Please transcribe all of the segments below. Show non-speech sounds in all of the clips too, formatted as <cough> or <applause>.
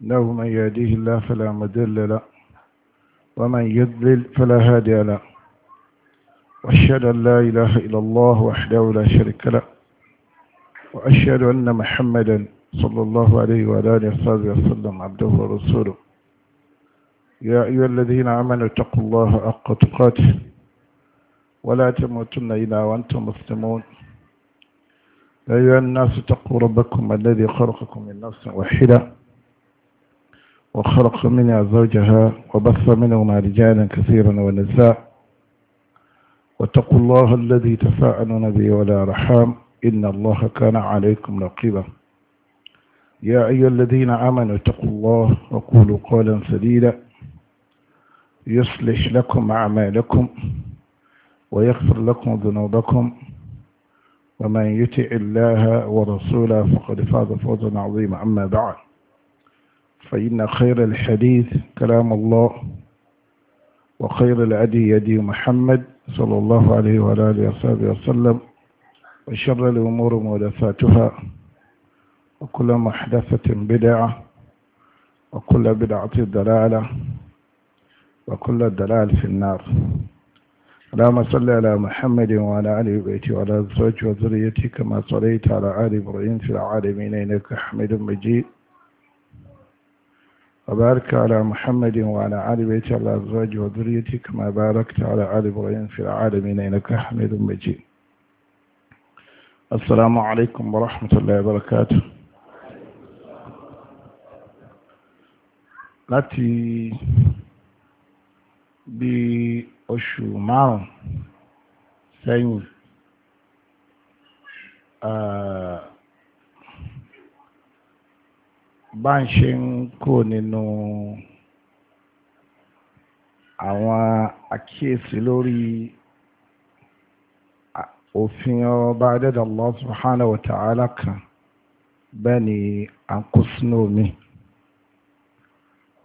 له من يهديه الله فلا مضل له ومن يضلل فلا هادي له واشهد ان لا اله الا الله وحده لا شريك له واشهد ان محمدا صلى الله عليه وعلى اله وصحبه وسلم عبده ورسوله يا ايها الذين امنوا اتقوا الله حق تقاته ولا تموتن الا وانتم مسلمون يا ايها الناس اتقوا ربكم الذي خلقكم من نفس واحده وخلق منها زوجها وبث منهما رجالا كثيرا ونساء واتقوا الله الذي تساءلون به ولا رحام إن الله كان عليكم رقيبا يا أيها الذين آمنوا اتقوا الله وقولوا قولا سديدا يصلح لكم أعمالكم ويغفر لكم ذنوبكم ومن يطع الله ورسوله فقد فاز فوزا عظيما أما بعد فإن خير الحديث كلام الله وخير العدي يدي محمد صلى الله عليه وعلى آله وصحبه وسلم وشر الأمور محدثاتها وكل محدثة بدعة وكل بدعة دلالة وكل الدلال في النار اللهم صل على محمد وعلى آل بيتي وعلى زوج وذريتي كما صليت على آل إبراهيم في العالمين إنك حميد مجيد وبارك على محمد وعلى آل بيت الله أزواج وذريتك كما باركت على آل إبراهيم في العالمين إنك حميد مجيد السلام عليكم ورحمة الله وبركاته لاتي بي bí مار márùn-ún bá ń ṣe ń kó nínú àwọn àkíyèsí lórí òfin ọba adẹ́dàá subhanahu wa ta'ala kan bẹ́ẹ̀ ni a kó sínú omi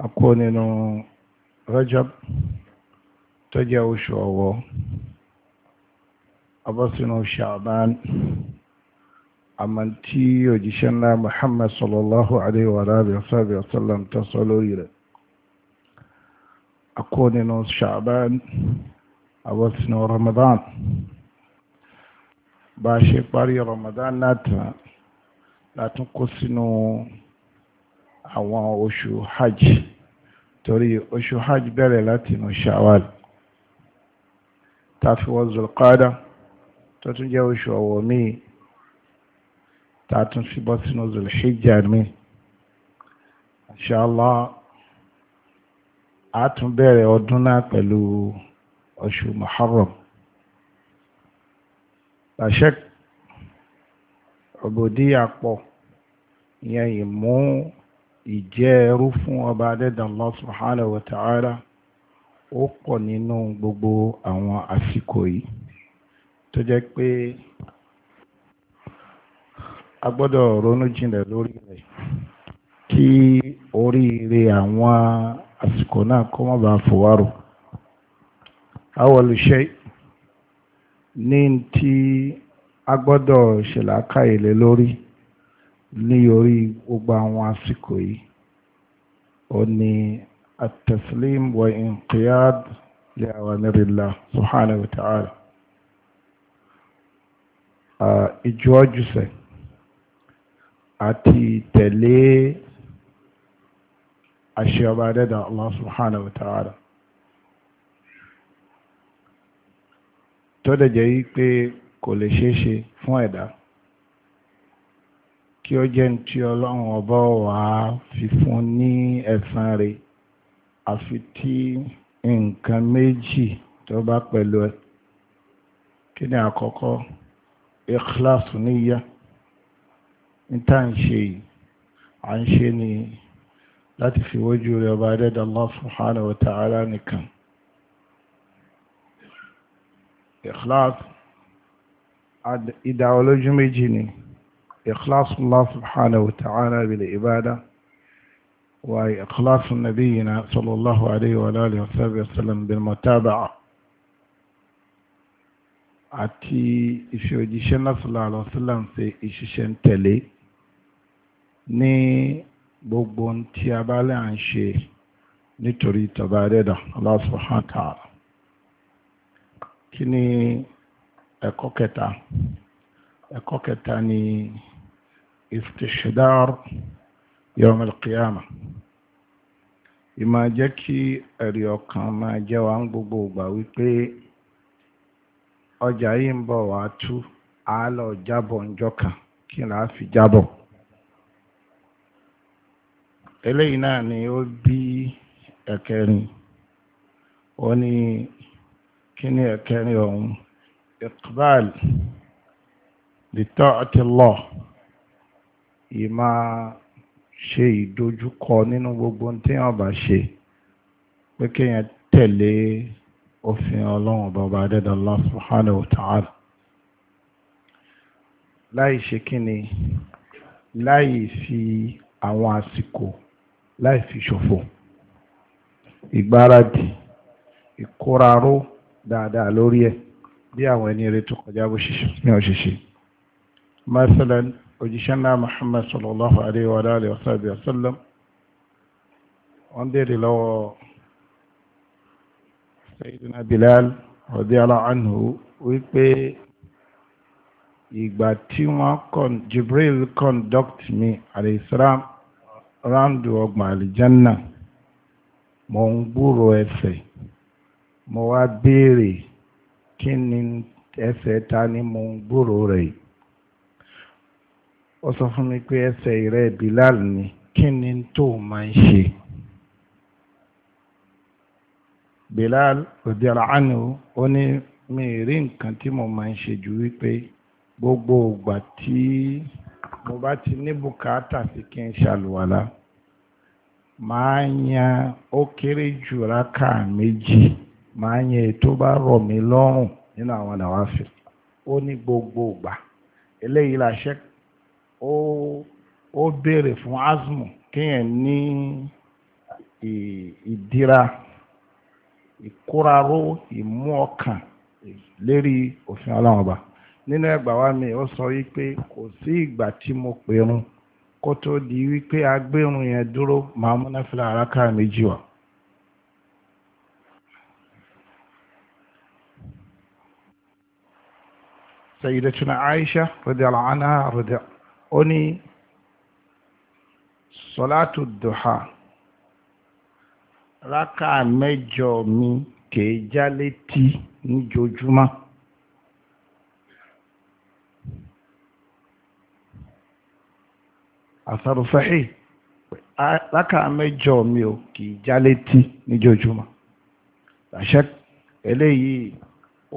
a kó nínú Rajab tó jẹ́ oṣù ọ̀wọ̀ a bọ́ Sha'ban. àmà tí òjíṣẹ́ ńlá Muhammad sallallahu alayhi wa alihi wa sallam tó sọ lórí rẹ̀ akó nínú Sha'ban àwọn sinú Ramadan bá ṣe parí Ramadan látàn látún kó sínú àwọn oṣù hajj torí oṣù hajj bẹ̀rẹ̀ láti inú Sha'wal tàfi wọ Zulqada tó tún jẹ́ oṣù ọ̀wọ̀ míì tààtún fi bọ́ sínú zulhijjá mi inshallah a tún bẹ̀rẹ̀ ọdún náà pẹ̀lú oṣù muharram làṣẹ ọ̀bọ̀díyà pọ̀ ìyẹn ìmú ìjẹ́ ẹrú fún ọba adẹ́dàn Allah subhanahu wa ta'ala ó pọ̀ nínú gbogbo àwọn àsìkò yìí tó jẹ́ pé a ronú jinlẹ̀ lórí rẹ̀ kí oríire àwọn àsìkò náà kó fòwárò ní tí a ṣèlàkà ilẹ̀ lórí ní orí gbogbo àwọn àsìkò yìí ó ní at-taslim wa inqiyad li awamirillah subhanahu àti tẹ̀lé àṣẹ ọba adẹ́dà Allah subhanahu wa ta'ala tó dẹ̀ jẹ́ yí pé kò lè ṣeé ṣe fún ẹ̀dá kí ó jẹ́ tí ọlọ́run ọba wà á fi fún ní ẹ̀san rẹ̀ àfi tí nǹkan méjì tó bá pẹ̀lú ẹ̀ kí ni àkọ́kọ́ ikhlasu níyà. E níta ń ṣe à ń ṣe ni láti fi wójú rẹ̀ ọba adẹ́dà Allah subhanahu wa ta'ala nìkan ikhlas ìdá olójú méjì ni ikhlas Allah subhanahu wa ta'ala bil ibada wa ikhlas nabiyina sallallahu alayhi wa alihi wa sallam bil mutaba'a àti ìṣòjíṣẹ́ náà sallallahu alayhi wa sallam ṣe ìṣiṣẹ́ ń tẹ̀lé ní gbogbo tí a bá lè ń ṣe nítorí tọba rẹ̀dà Allah kí ni ẹ̀kọ́ kẹta ẹ̀kọ́ kẹta ni istihdar yawm al-qiyamah ìmá jẹ́ kí ẹ̀rí ọkàn máa jẹ́ wa ń gbogbo ìgbà wípé ọjà yìí ń bọ̀ wá tú àálọ̀ jábọ̀ ńjọ́ kan kí n láà jábọ̀ eléyìí náà ni ó bí ẹ̀kẹrin ó ní kí ni ẹ̀kẹrin ọ̀hún iqbal li ta'ati Allah ìmá ṣe ìdojúkọ nínú gbogbo tí wọ́n bá ṣe pé kéèyàn tẹ̀lé òfin ọlọ́run bọba dẹ́dọ̀ Allah subhanahu láì ṣe kí ni láì fi àwọn àsìkò láì fi ṣòfò ìgbáradì ìkóraró dáadáa lórí ẹ̀ bí àwọn ẹni eré tó kọjá bó ṣe ní ọ̀ṣẹ̀ṣẹ̀ masalan òjíṣẹ́ náà Muhammad sallallahu alayhi wa alayhi wa sallam wọ́n dèrè lọ́wọ́ Sayyidina Bilal radiyallahu anhu wípé ìgbà tí wọ́n Jibril conduct me alayhi salam ráńdù ọgbà àlìjánà mo ń gbúrò ẹsẹ̀ mo wá béèrè kí ni ẹsẹ̀ ta ni mo ń gbúrò rẹ̀ ó sọ fún mi pé ẹsẹ̀ rẹ̀ Bilal ni kí ni tó máa ń ṣe Bilal òdìrà ánú ó ní mi rí nǹkan tí mo máa ń ṣe ju wípé gbogbo ògbà tí. mo bá ti ní bùkátà sí kí n ṣàlùwàlá máa yan ó kéré jù rákà méjì máa yan ètò bá rọ̀ mí lọ́rùn nínú àwọn àdáwáfẹ́ ó ní gbogbo ìgbà eléyìí làṣẹ ó ó béèrè fún asmo kéèyàn ní ìdíra ìkóraró ìmú ọkàn lérí òfin ọlọ́run ọba. nínú ẹgbà wa mi ó sọ wípé kò sí ìgbà tí mo pèrun kó tó di wípé agbérun yẹn dúró máa múná fìlà àràkà méjì wá. aisha duha mi kèé já létí àsàrò sahih rákà mẹ́jọ mi ò kì í já létí níjojúmọ́ àṣẹ eléyìí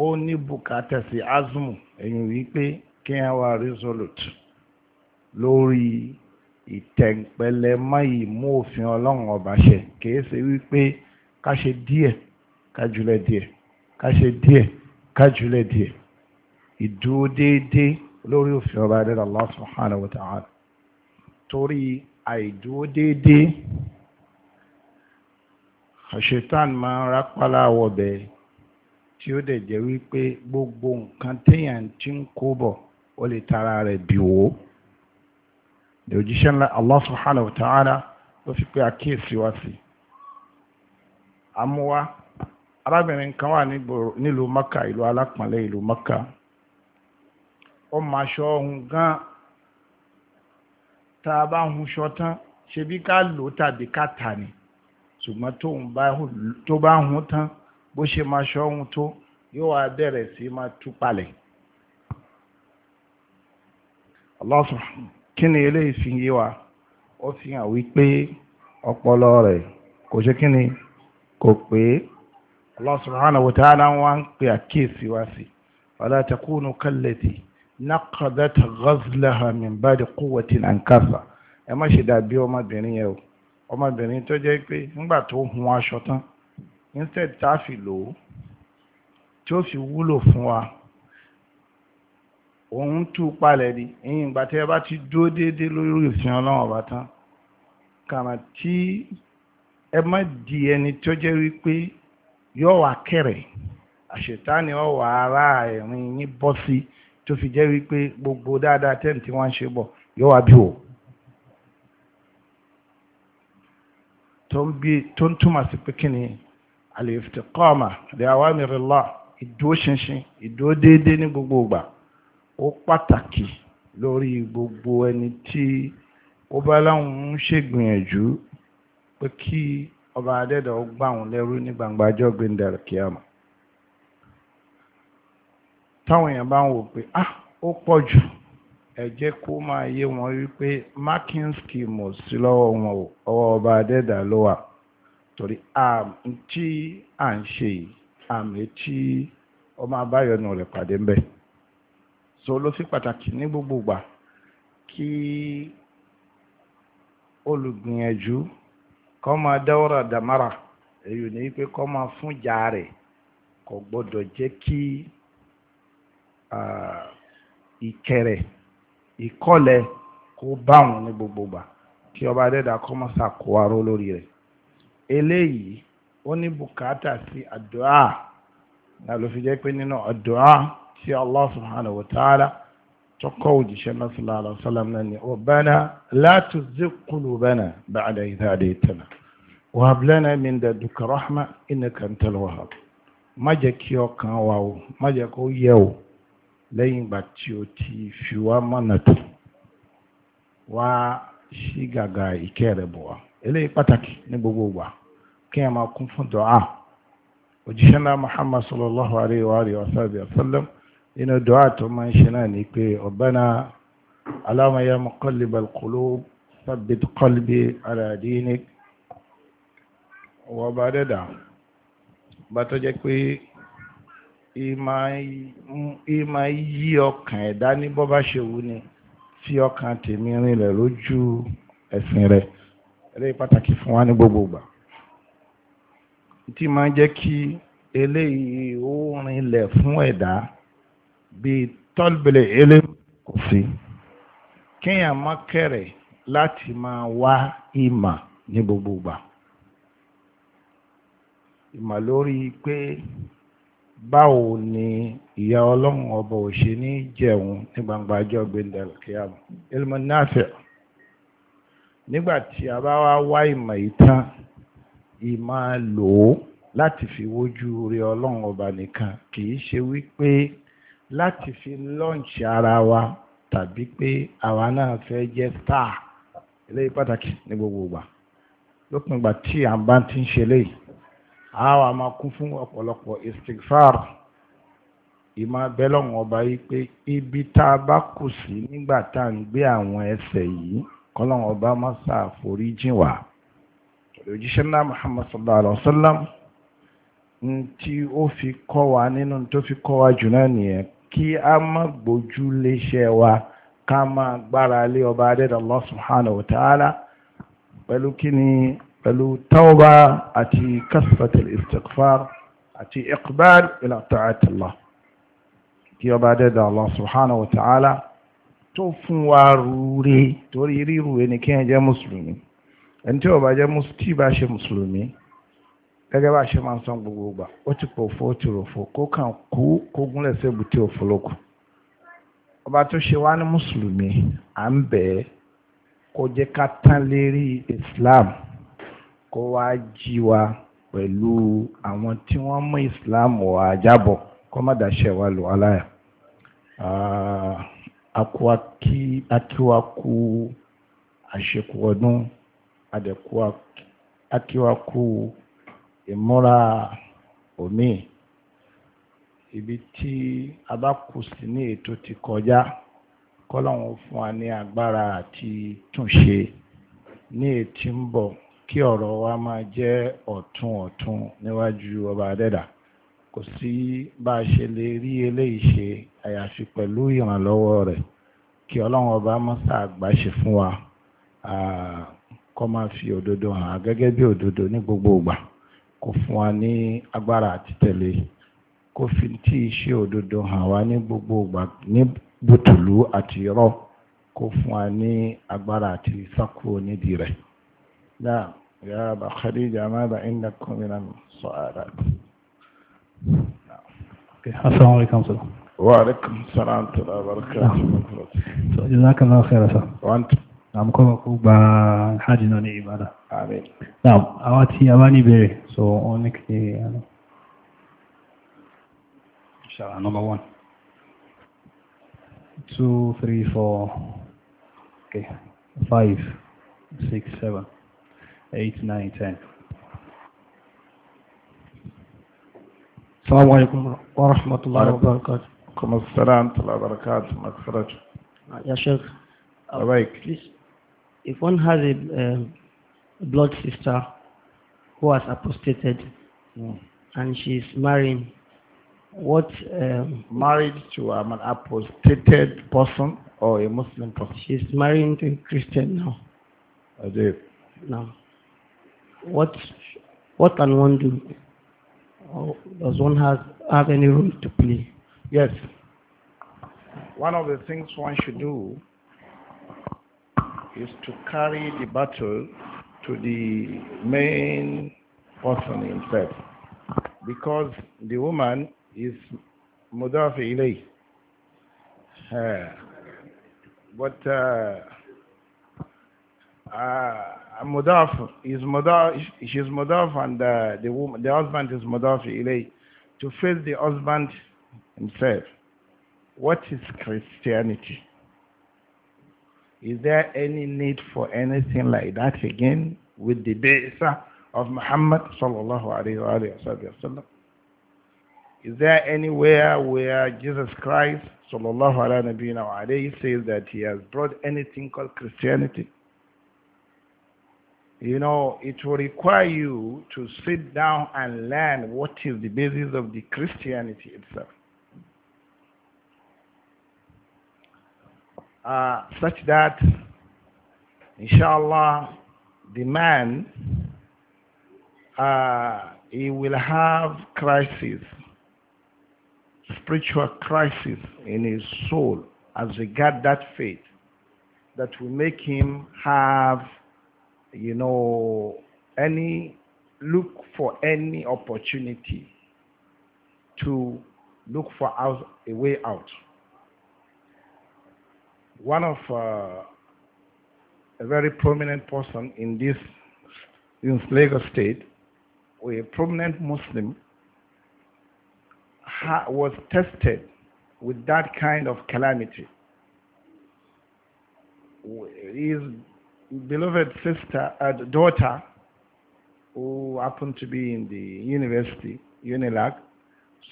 ó ní bùkátà sí azmu ẹ̀yìn wípé kí wọ́n wá resolute lórí ìtẹ̀ǹpẹ̀lẹ̀ máyì mú òfin ọlọ́run ọba ṣe kìí ṣe wípé ká ṣe díẹ̀ ká díẹ̀ ká díẹ̀ ká díẹ̀ ìdúró déédéé lórí òfin ọba adẹ́dàá subhanahu wa ta'ala. torí àìdúró déédéé àṣetán máa ń rápálá wọbẹ̀ tí ó dẹ̀ jẹ́ wípé gbogbo nǹkan téèyàn ti ń kó bọ̀ ó lè tara rẹ̀ bì wo ó òjíṣẹ́ ńlá Allah subhanahu wa ta'ala ló fi pé àkíyèsí wá sí amúwá arábìnrin kan wà nílùú Maka ìlú alápọ̀nlé ìlú Maka ó máa ṣọ́ ohun gan tá a bá hun ṣọtán ṣe bí ká lò tàbí ká tà ní ṣùgbọ́n tó bá hun tán bó ṣe máa ṣọ́hun tó yóò wá bẹ̀rẹ̀ sí máa tú palẹ̀ Allah kí ni eléyìí fi yé wa ó fi hàn wípé ọpọlọ rẹ̀ kò ṣe kí ni kò pé Allah subhanahu wa ta'ala wá ń pè àkíyèsí wá sí wala takunu naqadat ghazlaha min ba'di quwwatin ankasa ẹ má ṣe dàbí ọmọbìnrin yẹn o ọmọbìnrin tó jẹ́ pé nígbà tó hun aṣọ tán instead tá a fi lò ó tí ó fi wúlò fún wa òun tú palẹ̀ ni ẹ̀yìn ìgbà tí ẹ bá ti dúró déédéé lórí ìsìn ọlọ́run ọba tán kàrà tí ẹ má di ẹni tó ni ara tó fi jẹ́ wípé gbogbo dáadáa tẹ́ǹ tí wọ́n ń ṣe bọ̀ yóò wá bí o tó ń túmọ̀ sí pé kí ni al-iftiqama li awamirillah ìdúró ṣinṣin ìdúró déédéé ní gbogbo ìgbà ó pàtàkì lórí gbogbo ẹni tí ó bá láwọn ń ṣègbìyànjú pé kí ọba adẹ́dàá gbà wọn lẹ́rú ní gbangba ọjọ́ gbẹ̀ndẹ̀rẹ̀ táwọn èèyàn bá ń wò pé ah ó pọ̀ jù ẹ jẹ́ kó máa yé wọn wípé marking scheme sí lọ́wọ́ wọn o ọwọ́ ọba adẹ́dà ló wà torí um, tí à ń ṣe yìí àmì um, tí ọmọ abáyọnu rẹ̀ pàdé ń bẹ̀ so ló fi pàtàkì ní gbogbo kí olùgbìyànjú kọ́ máa èyí ni wípé Ah, ìkẹrẹ ìkọlẹ kó bá wọn ní gbogbo gbà kí ọba adẹ́dà kọ́mọ́sà kó aró lórí rẹ̀ eléyìí ó ní bùkátà sí àdúrà náà ló fi jẹ́ pé nínú àdúrà tí Allah subhanahu wa ta'ala tọkọ òjíṣẹ́ náà sallallahu alaihi wasallam náà ni rabbana la tuzigh qulubana ba'da idh hadaytana wa hab lana min ladunka rahma innaka antal wahhab má jẹ́ kí ọkàn wa o má jẹ́ kó yẹ̀ o lẹ́yìn ìgbà tí o ti fi wá mọ̀nà tó wá sí gàgà ìkẹ́ rẹ̀ bọ̀ wá eléyìí pàtàkì ní gbogbo wa kí ẹ máa kún fún dọ́à òjíṣẹ́ náà Muhammad sallallahu alayhi wa alihi inú dọ́à tó máa ń ṣe náà ni pé Rabbana Allahumma ya muqallibal qulub thabbit wọ́n bá dẹ́dà bá tó pé ìmọ̀ yí ọkàn ẹ̀dá ní bọ́ bá ṣe wù ni fi ọkàn tèmi rinlẹ̀ lójú ẹ̀sìn rẹ̀ eléyìí pàtàkì fún wa ní gbogbo ìgbà tí máa ń jẹ́ kí eléyìí ó rinlẹ̀ fún ẹ̀dá bíi tọ́lbẹ̀lẹ̀ eléyìí kò sí kéèyàn má kẹ̀rẹ̀ láti máa wá ìmọ̀ ní gbogbo ìmọ̀ lórí pé báwo ni ìyá ọlọ́run ọba ò ṣe ní jẹun ní gbangba ọjọ́ gbẹ̀ndẹ̀ kíyàmù ilmu nafi nígbà tí a bá wá wá ìmọ̀ ìtàn ìmọ̀ lò ó láti fi wojú rí ọlọ́run ọba nìkan kì í ṣe wípé láti fi lọ́ǹṣì ara wa tàbí pé àwa náà fẹ́ jẹ́ star eléyìí pàtàkì ní gbogbo ìgbà lópin ìgbà tí à ń bá ti ń ṣe léyìí àwa máa kún fún ọ̀pọ̀lọpọ̀ istighfar ìmọ̀ abẹ́lọ́wọ̀n ọba yìí pé ibi tá a bá kù sí nígbà tá à ń gbé àwọn ẹsẹ̀ yìí kọ́lọ́wọ̀n ọba máa ṣàforí jìn wá òjíṣẹ́ náà Muhammad sallallahu alaihi wa sallam tí ó fi kọ́ wa nínú tó fi kọ́ wa jù náà nìyẹn kí a má gbójú léṣẹ́ wa ká máa gbára lé ọba adẹ́dàá Allah subhanahu wa ta'ala pẹ̀lú kí ni pẹ̀lú tawba àti kasfatul istighfar àti iqbal ila ta'atillah kí ọba dẹ́dà Allah subhanahu wa ta'ala tó fún wa rúre torí ríru ẹni kí ẹ jẹ́ mùsùlùmí ẹni tí ọba jẹ́ tí bá ṣe mùsùlùmí gẹ́gẹ́ bá ṣe máa ń san gbogbo gbà ó ti pọ̀ fún ti rò fún kó kàn kú kó gúnlẹ̀ sẹ́bù tí òfurufú ọba tó ṣe wá ní mùsùlùmí à ń bẹ̀ kó jẹ́ ká tán lérí Islam kó wá jí wa pẹ̀lú àwọn tí wọ́n mú islam wà jábọ̀ kó má dáṣẹ́ ah, wa lò aláyà akíwákú àṣekù ọdún adẹ̀kú akíwákú ìmúra omi ibi tí a bá kù sí ní ètò ti kọjá kọ́lọ́hún fún wa ní agbára àti túnṣe ní ètí ń bọ̀ kí ọ̀rọ̀ wa máa jẹ́ ọ̀tún ọ̀tún níwájú ọba adẹ́dà kò sí bá a ṣe lè rí eléyìí ṣe àyàfi pẹ̀lú ìrànlọ́wọ́ rẹ̀ kí ọlọ́run ọba mọ́sà àgbàṣe fún wa kó máa fi òdodo hàn gẹ́gẹ́ bí òdodo ní gbogbo ìgbà kó fún wa ní agbára àti tẹ̀lé kó fi tí iṣẹ́ òdodo hàn wá ní gbogbo ìgbà ní bùtùlù àti irọ́ kó fún wa ní agbára àti sákúrò nídìí rẹ̀. نعم يا أبا خديجة ماذا إنك من السؤالات نعم. السلام عليكم سلام وعليكم السلام ورحمة الله وبركاته نعم. جزاك الله خير سلام وأنت نعم كما أقول بحاجة نوني إبادة آمين نعم أواتي أواني بيري سو أونك دي إن شاء الله نمبر 1 2 3 4 okay 5 6 7 8, 9, 10. السلام عليكم ورحمة الله وبركاته. وعليكم السلام ورحمة الله وبركاته. مغفرة. يا شيخ. أبيك. Please, if one has a uh, blood sister who has apostated mm. and she is marrying, what? Um, Married to um, an apostated person or a Muslim person? She is marrying to a Christian now. I do. Now. What what can one do? Or does one have, have any role to play? Yes. One of the things one should do is to carry the battle to the main person himself. Because the woman is mudaf ilay. Uh, but uh, uh, mudaf is mudaf, she's and the, the, woman, the husband is mudaf ilay, to face the husband himself. What is Christianity? Is there any need for anything like that again with the Bi'sa of Muhammad sallallahu alayhi wa وسلم? Is there anywhere where Jesus Christ sallallahu alayhi wa says that he has brought anything called Christianity? you know, it will require you to sit down and learn what is the basis of the Christianity itself. Uh, such that, inshallah, the man, uh, he will have crisis, spiritual crisis in his soul as regard that faith that will make him have you know, any look for any opportunity to look for out, a way out. One of uh, a very prominent person in this in Lagos state, a prominent Muslim, was tested with that kind of calamity. His beloved sister and daughter who happened to be in the university, UNILAG,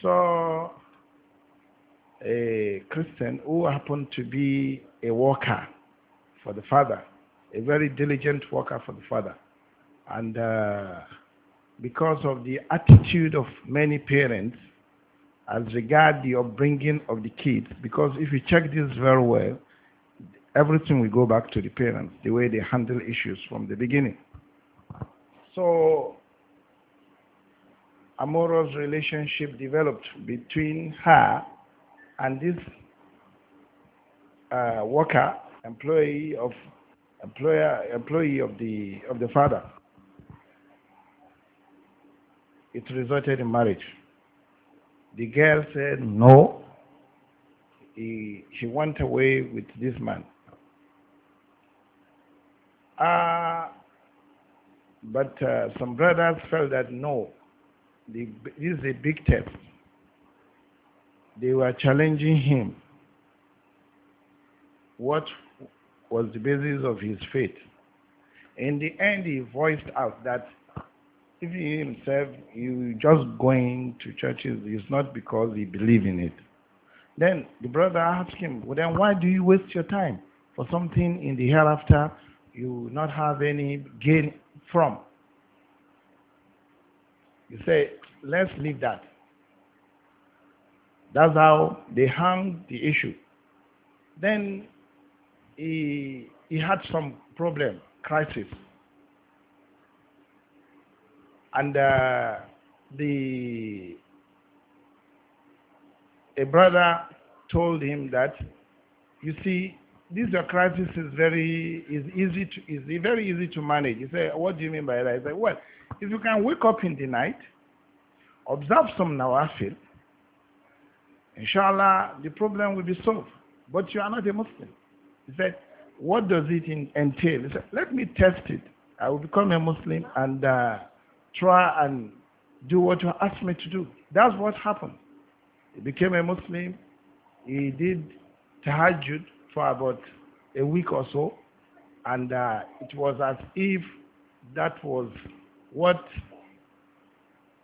saw a Christian who happened to be a worker for the father, a very diligent worker for the father. And uh, because of the attitude of many parents as regard the upbringing of the kids, because if you check this very well, everything will go back to the parents, the way they handle issues from the beginning. So, Amora's relationship developed between her and this uh, worker, employee of employer, employee of the of the father. It resulted in marriage. The girl said no. He, she went away with this man. Uh, but uh, some brothers felt that no, the, this is a big test. They were challenging him. What was the basis of his faith? In the end, he voiced out that if he himself, you just going to churches, it's not because he believe in it. Then the brother asked him, well, then why do you waste your time for something in the hereafter you will not have any gain from. You say, let's leave that. That's how they hung the issue. Then he, he had some problem, crisis. And uh, the a brother told him that, you see, this crisis is very is easy to is very easy to manage. You say, what do you mean by that? I say, well, if you can wake up in the night, observe some nawafil, inshallah, the problem will be solved. But you are not a Muslim. He said, what does it entail? He said, let me test it. I will become a Muslim and uh, try and do what you asked me to do. That's what happened. He became a Muslim. He did tahajjud for about a week or so, and uh, it was as if that was what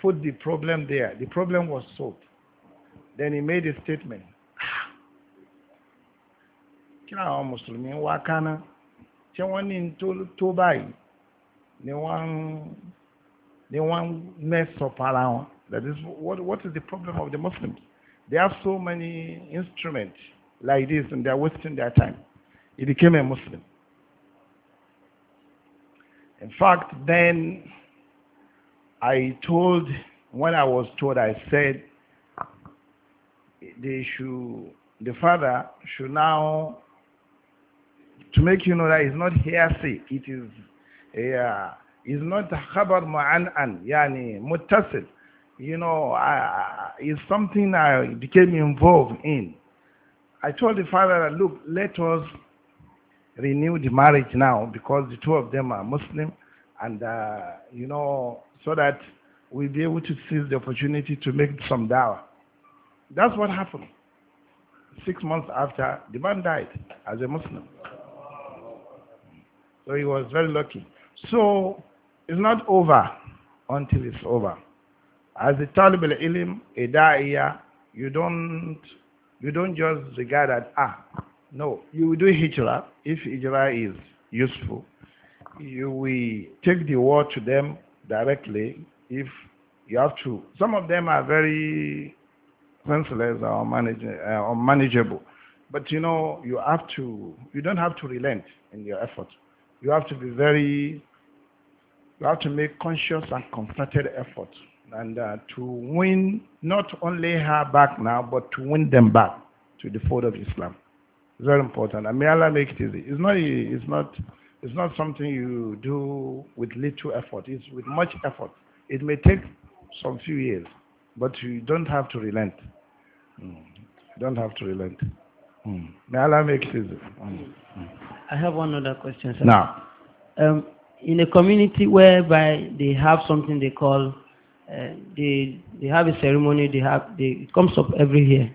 put the problem there. The problem was solved. Then he made a statement. Kí ni àwọn Mùsùlùmí ń wá káná? Ṣé wọ́n ní tó báyìí ni wọ́n ń mess up ara wọn? That is, what, what is the problem of the Muslims? They have so many instruments like this and they're wasting their time. He became a Muslim. In fact, then I told, when I was told, I said they should, the father should now, to make you know that it's not hearsay, it is, yeah, it's not khabar mu'an'an, yani muttasil. You know, it's something I became involved in. I told the father, that, look, let us renew the marriage now because the two of them are Muslim and, uh, you know, so that we'll be able to seize the opportunity to make some dawah. That's what happened. Six months after, the man died as a Muslim. So he was very lucky. So it's not over until it's over. As a Talib al-Ilim, a Da'iyah, you don't you don't just regard that, ah, no. You will do hijra if hijra is useful. You will take the word to them directly if you have to. Some of them are very senseless or manage, uh, But you know, you have to, you don't have to relent in your effort. You have to be very, you have to make conscious and concerted effort and uh, to win not only her back now, but to win them back to the fold of Islam. It's very important. And may Allah make it easy. It's not, it's not, it's not something you do with little effort. It's with much effort. It may take some few years, but you don't have to relent. Mm. You don't have to relent. Mm. May Allah make it easy. Mm. I have one other question, sir. Now. Um, in a community whereby they have something they call Uh, they they have a ceremony. They have they it comes up every year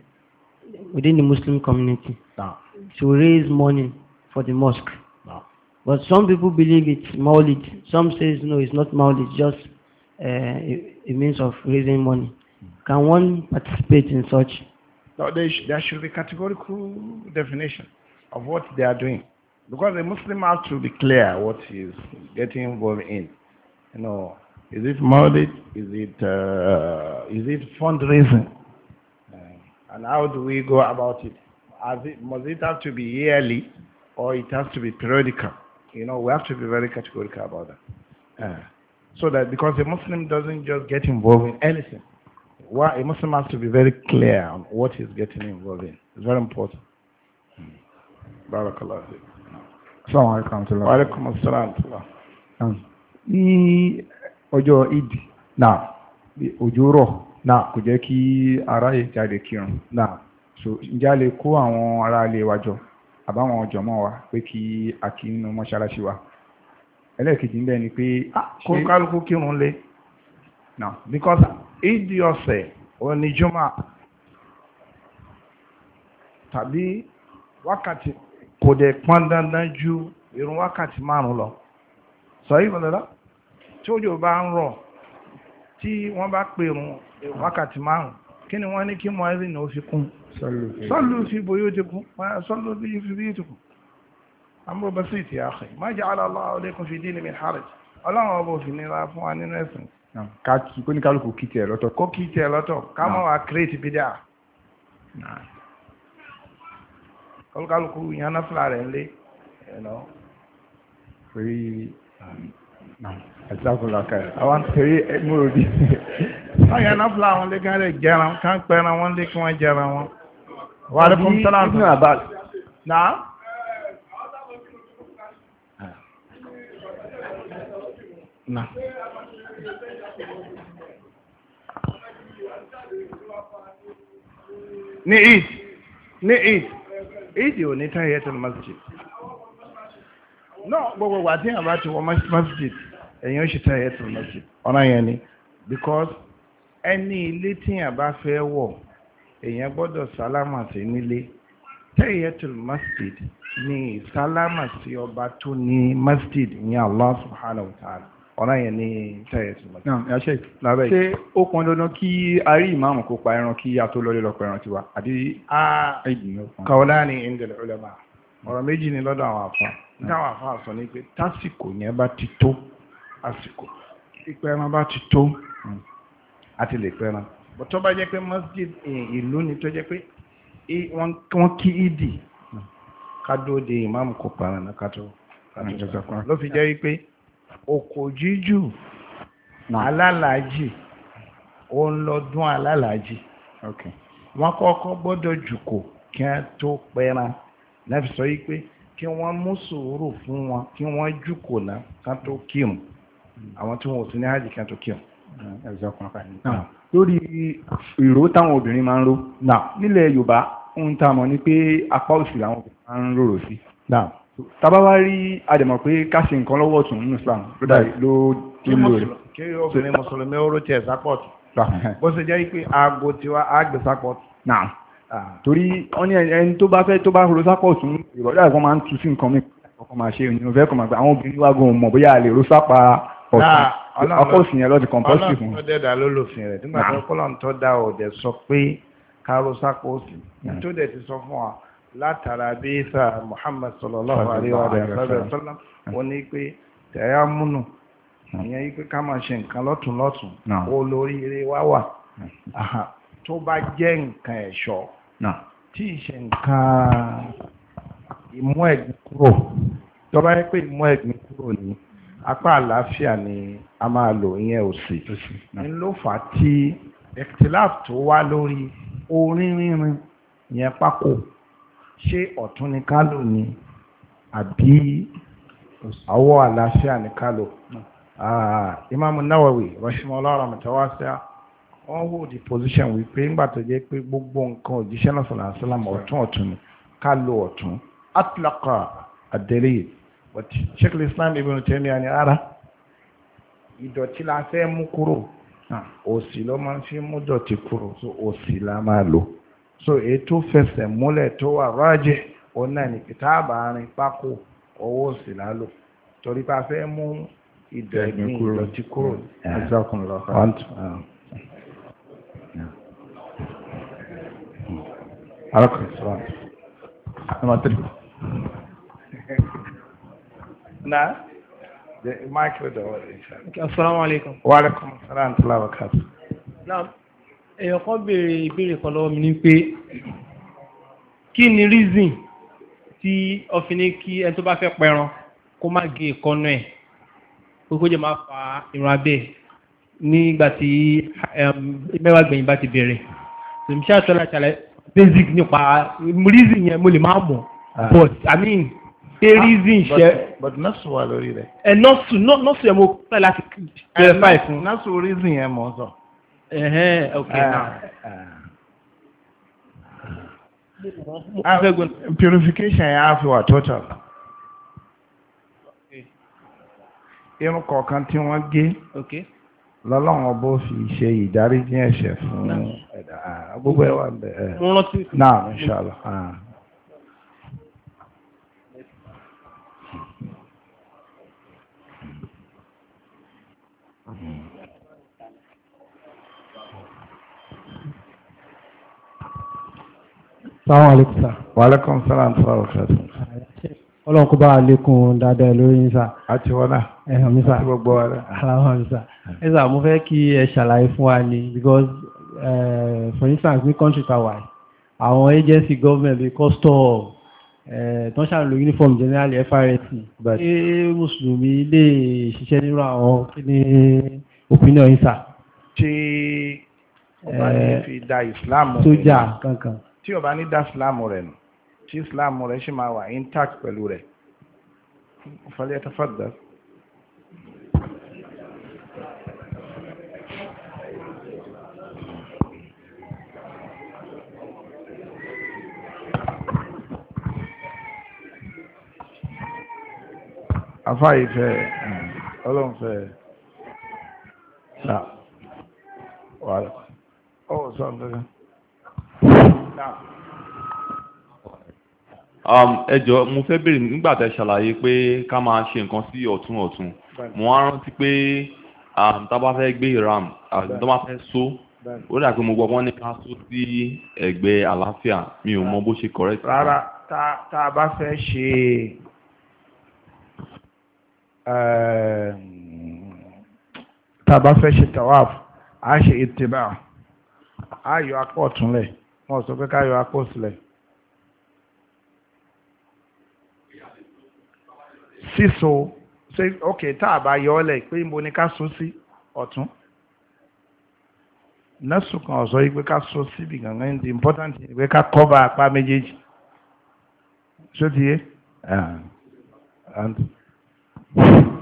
within the Muslim community no. to raise money for the mosque. No. But some people believe it's maulid. Some says no, it's not maulid. Just uh, a, a, means of raising money. Can one participate in such? No, there, sh there should be categorical definition of what they are doing. Because the Muslim has to be clear what he is getting involved in. You know, is it Maulid? Is it, uh, is it fundraising? Uh, and how do we go about it? it? Must it have to be yearly or it has to be periodical? You know, we have to be very categorical about that. Uh, so that because a Muslim doesn't just get involved in anything. Well, a Muslim has to be very clear on what he's getting involved in. It's very important. Barakallah. Assalamu alaikum. Wa alaikum assalam. Um, ọjọ́ ìdì náà òjò rọ̀ náà kò jẹ́ kí aráyè jáde kírun náà so ǹjẹ́ a lè kó àwọn ará ilé wa jọ àbáwọn mọ́ wa pé kí a mọ́ṣáláṣí wa ẹlẹ́ẹ̀kejì ń ni pé. kó kálukú kírun lé náà because ìdí ọ̀sẹ̀ òní jùmọ̀ tàbí wákàtí kò irun wákàtí márùn lọ tójò bá ń rọ̀ tí wọ́n bá pèrún wákàtí márùn kí ni wọ́n ní kí mọ́ ẹ́rìn náà fi kún sọ́lù fi bóyó ti kún sọ́lù fi bí ti kún amúrò bá sí ìtì àkè má jẹ́ aláàlá ọlẹ́kùn fi dín ní mi hàrẹ̀ ọlọ́run ọba òfin nira fún wa nínú ẹ̀sìn. ká kó ní kálukú kí tiẹ̀ lọ́tọ̀. kó kí tiẹ̀ lọ́tọ̀ ká mọ̀ wá kírètì bí dáa. kálukú yànnà fúlà rẹ̀ ń lé. Um, ẹ̀sàkùnlákà ẹ̀ àwọn tẹ̀rí ẹ̀mú òbí ọ̀yàn náà fúlà àwọn lẹ́gàn rẹ̀ jẹ́ra wọn kàn pẹ́ran wọn lé kí wọ́n jẹ́ra wọn. wà á rí fún sọ́lá ní abal. náà. náà. ní eid ní eid eid ò ní tán yẹ tó ní masjid náà gbogbo wà tí yàn bá ti wọ masjid èyàn ṣe tẹ́ ẹ̀tọ́ masjid ọ̀nà yẹn ni because ẹni ilé tí yàn bá fẹ́ wọ̀ èyàn gbọ́dọ̀ sálámà sí nílé tẹ́yẹ̀tùl masjid ni sálámà sí ọba tó ní masjid ní Allah subhanahu wa ta'ala ọ̀nà yẹn ní tẹ́yẹ̀tùl masjid. náà ṣe lábẹ́ ṣé ó pọn dandan kí a rí ìmáàmù kó pa ẹran kí a tó lọlé lọ ẹran tiwa àbí. a ah, kàwé láàrin indil ulama ọ̀rọ̀ méjì ni lọ́dọ̀ àwọn àfa hmm. táwọn àfa sọ ni pé tásìkò yẹn bá ti tó àsìkò ìpẹran bá ti tó àti hmm. lè pẹran bó tó bá jẹ́ pé masjid eh, ìlú ni tó jẹ́ pé wọ́n kí ìdì hmm. ká dúró de ìmáàmù kò pẹran náà ká tó ló fi jẹ́ wípé òkò jíjù alálàájì ó ń lọ dún alálàájì wọ́n kọ́kọ́ gbọ́dọ̀ jùkò kí wọ́n tó pẹran láti sọ yí pé kí wọ́n mú sùúrù fún wọn kí wọ́n jùkò náà ká tó kírun àwọn tí wọn ò sí ní hajj ká tó kírun. lórí ìró táwọn obìnrin máa ń ró nílẹ̀ Yorùbá ń ta mọ̀ ni pé apá òsì làwọn obìnrin máa ń rorò sí tàbá wá rí àdèmọ̀ pé ká ṣe nǹkan lọ́wọ́ ọ̀tún nínú Islam ló dín lórí. kí obìnrin mùsùlùmí oró tiẹ̀ sápọ̀tù bó ṣe jẹ́ pé aago tiwa á gbé sápọ̀tù torí wọ́n ní ẹni tó bá fẹ́ tó bá rosápọ̀ tún ìrọ̀lẹ́ àgbọn máa ń tu sí nǹkan mi ọkọ̀ máa ṣe ìyẹn fẹ́ kọ̀ máa gba àwọn obìnrin wá gan mọ̀ bóyá àlè rosápa ọ̀sán ọkọ̀ òsì yẹn lọ́ti kọ̀m̀pọ́sì fún. ọlọ́run tó dẹ̀dà lólùfin rẹ̀ nígbà tó kọ́lọ́n tó dá ọ̀dẹ̀ sọ pé ká rosápọ̀ òsì tó dẹ̀ ti sọ fún wa látara bí sà Muhammad sallallahu alayhi wa sallam wọ́n ní pé tẹ̀yà múnú ìyẹn yìí pé ká máa ṣe nǹkan lọ́tùnlọ́tùn olóríire wá wà tó bá jẹ́ nǹkan ẹ̀ṣọ́ náà tí ìṣe nǹkan ìmú ẹ̀gbìn kúrò tọ́ba yẹ pé ìmú ẹ̀gbìn kúrò ní apá àlàáfíà ni a máa lò ìyẹn òsì ní ló fà á tí ectilaf tó wá lórí orin rírin yẹn pákó ṣé ọ̀tún ni ká lò ní àbí ọwọ́ àlàáfíà ni ká lò. Ah, Imam Nawawi rahimahullah rahmatawasiya wọ́n wò di position wípé ńgbà tó jẹ́ pé gbogbo nǹkan òjíṣẹ́ náà sọ̀rọ̀ àṣàlámù ọ̀tún ọ̀tún ni ká lo ọ̀tún but sheikh islam ibn Taymiyyah ni ara ìdọ̀tí la fẹ́ mú kúrò ah, òsì ló máa ń fi mú dọ̀tí kúrò so òsì la máa so ètò fẹsẹ̀ múlẹ̀ tó wà rájẹ̀ òun náà àbárin pákó òsì la torí pa fẹ́ mú ìdọ̀tí kúrò mm. arákùnrin sọ́rọ̀ number three. na the mic with the word okay asalaamu alaykum. wa alaykum salaam tula wa kaas. naam èèyàn kan béèrè ìbéèrè kan lọ́wọ́ mi ni pé kí ni reason tí ọ̀fìn ní kí ẹni tó bá fẹ́ pẹran kó má gé ìkọ́nú ẹ̀ kókó jẹ́ máa fa irun abẹ́ nígbà tí mẹ́wàá gbẹ̀yìn bá ti bẹ̀rẹ̀ tòmíṣà tó láti basic nípa reason yẹn mo lè máa mọ̀ ah. but i mean ṣé ah, reason ṣe. but nọ́ọ̀sù wà lórí rẹ̀. ẹ nọ́ọ̀sù nọ́ọ̀sù yẹn mo fẹ́ láti verify eh, fún. nọ́ọ̀sù reason yẹn mọ̀ sọ. ẹ̀hẹ́n ok ah, now. purification yẹn á fi wà total. irun kọ̀ọ̀kan tí wọ́n gé. okay lọ́lọ́run ọbọ̀ fi ṣe ìdáríjì ẹ̀ṣẹ̀ fún ẹ̀dá ah, gbogbo ẹwà ẹ̀ náà inṣàlá. Sáwọn alẹ́kùn sá. Wà alẹ́kùn sára ń eh. tọ́wọ́ ah. kẹsàn. Ọlọ́run kó bá alẹ́kùn dáadáa lórí yín sá. Àti wọ́n náà. Ẹ̀hàn mi sá. Àti gbogbo wa náà. mi sá ẹ̀sà mo fẹ́ kí ẹ ṣàlàyé fún wa ni because uh, for instance ní country tawai àwọn agency government bíi custom tán ṣàlò uniform general FRSC ṣé mùsùlùmí lè ṣiṣẹ́ nírú àwọn kí opinion yín sà. ọba ní fi da Islam rẹ̀ sójà kankan. tí ọba ní da Islam rẹ̀ nù tí Islam rẹ̀ ṣì máa wà intact pẹ̀lú rẹ̀ afáyí fẹ́ ọlọ́run fẹ́ náà wà ọwọ́ sọ ǹkan um, ẹ jọ̀ọ́ mo fẹ́ béèrè nígbà tẹ́ ṣàlàyé pé ká máa ṣe nǹkan sí ọ̀tún ọ̀tún mo á rántí pé um, tá bá fẹ́ gbé ram tó bá fẹ́ so ó dà pé mo gbọ́ wọ́n ní ká so sí ẹ̀gbẹ́ àlàáfíà mi ò mọ bó ṣe correct. rárá tá a bá fẹ́ ṣe tàbá fẹ́ ṣe tawaf a ṣe ìtìbà a yọ apá ọ̀túnlẹ̀ wọ́n sọ pé ká yọ apá síso ṣe ok tàbá yọ ọ́lẹ̀ pé mo ní ká so sí ọ̀tún nọ́ọ̀sù kan ọ̀sọ́ yìí pé ká so síbi gangan ní important ni pé ká kọ́ba apá méjèèjì ṣó ti yé. and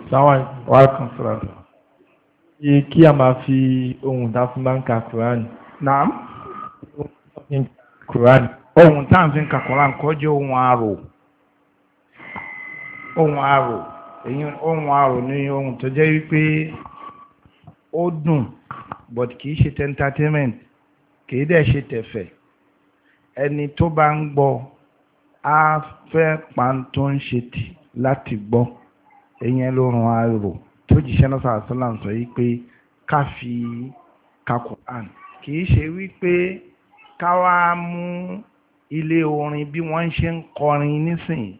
sáwọn wàlúkàn sọ̀rọ̀ ṣe kí a máa fi ohun tá a fi máa ń ka Quran. naam. Quran. ohun tá a fi ń ka Quran kọ́ jẹ́ ohun àrò ohun àrò èyí ohun àrò ní ohun tó jẹ́ wípé ó dùn but kì í ṣe entertainment kì í dẹ̀ ṣe tẹ̀fẹ̀ ẹni tó bá ń gbọ́ á fẹ́ pàǹtó ń ṣe tì láti gbọ́ ìyẹn ló rún àrò tó jíṣẹ́ náà sàásọ́làm sọ yí pé ká fi ka Quran kì í ṣe wípé ká wá mú ilé orin bí wọ́n ṣe ń kọrin nísìnyí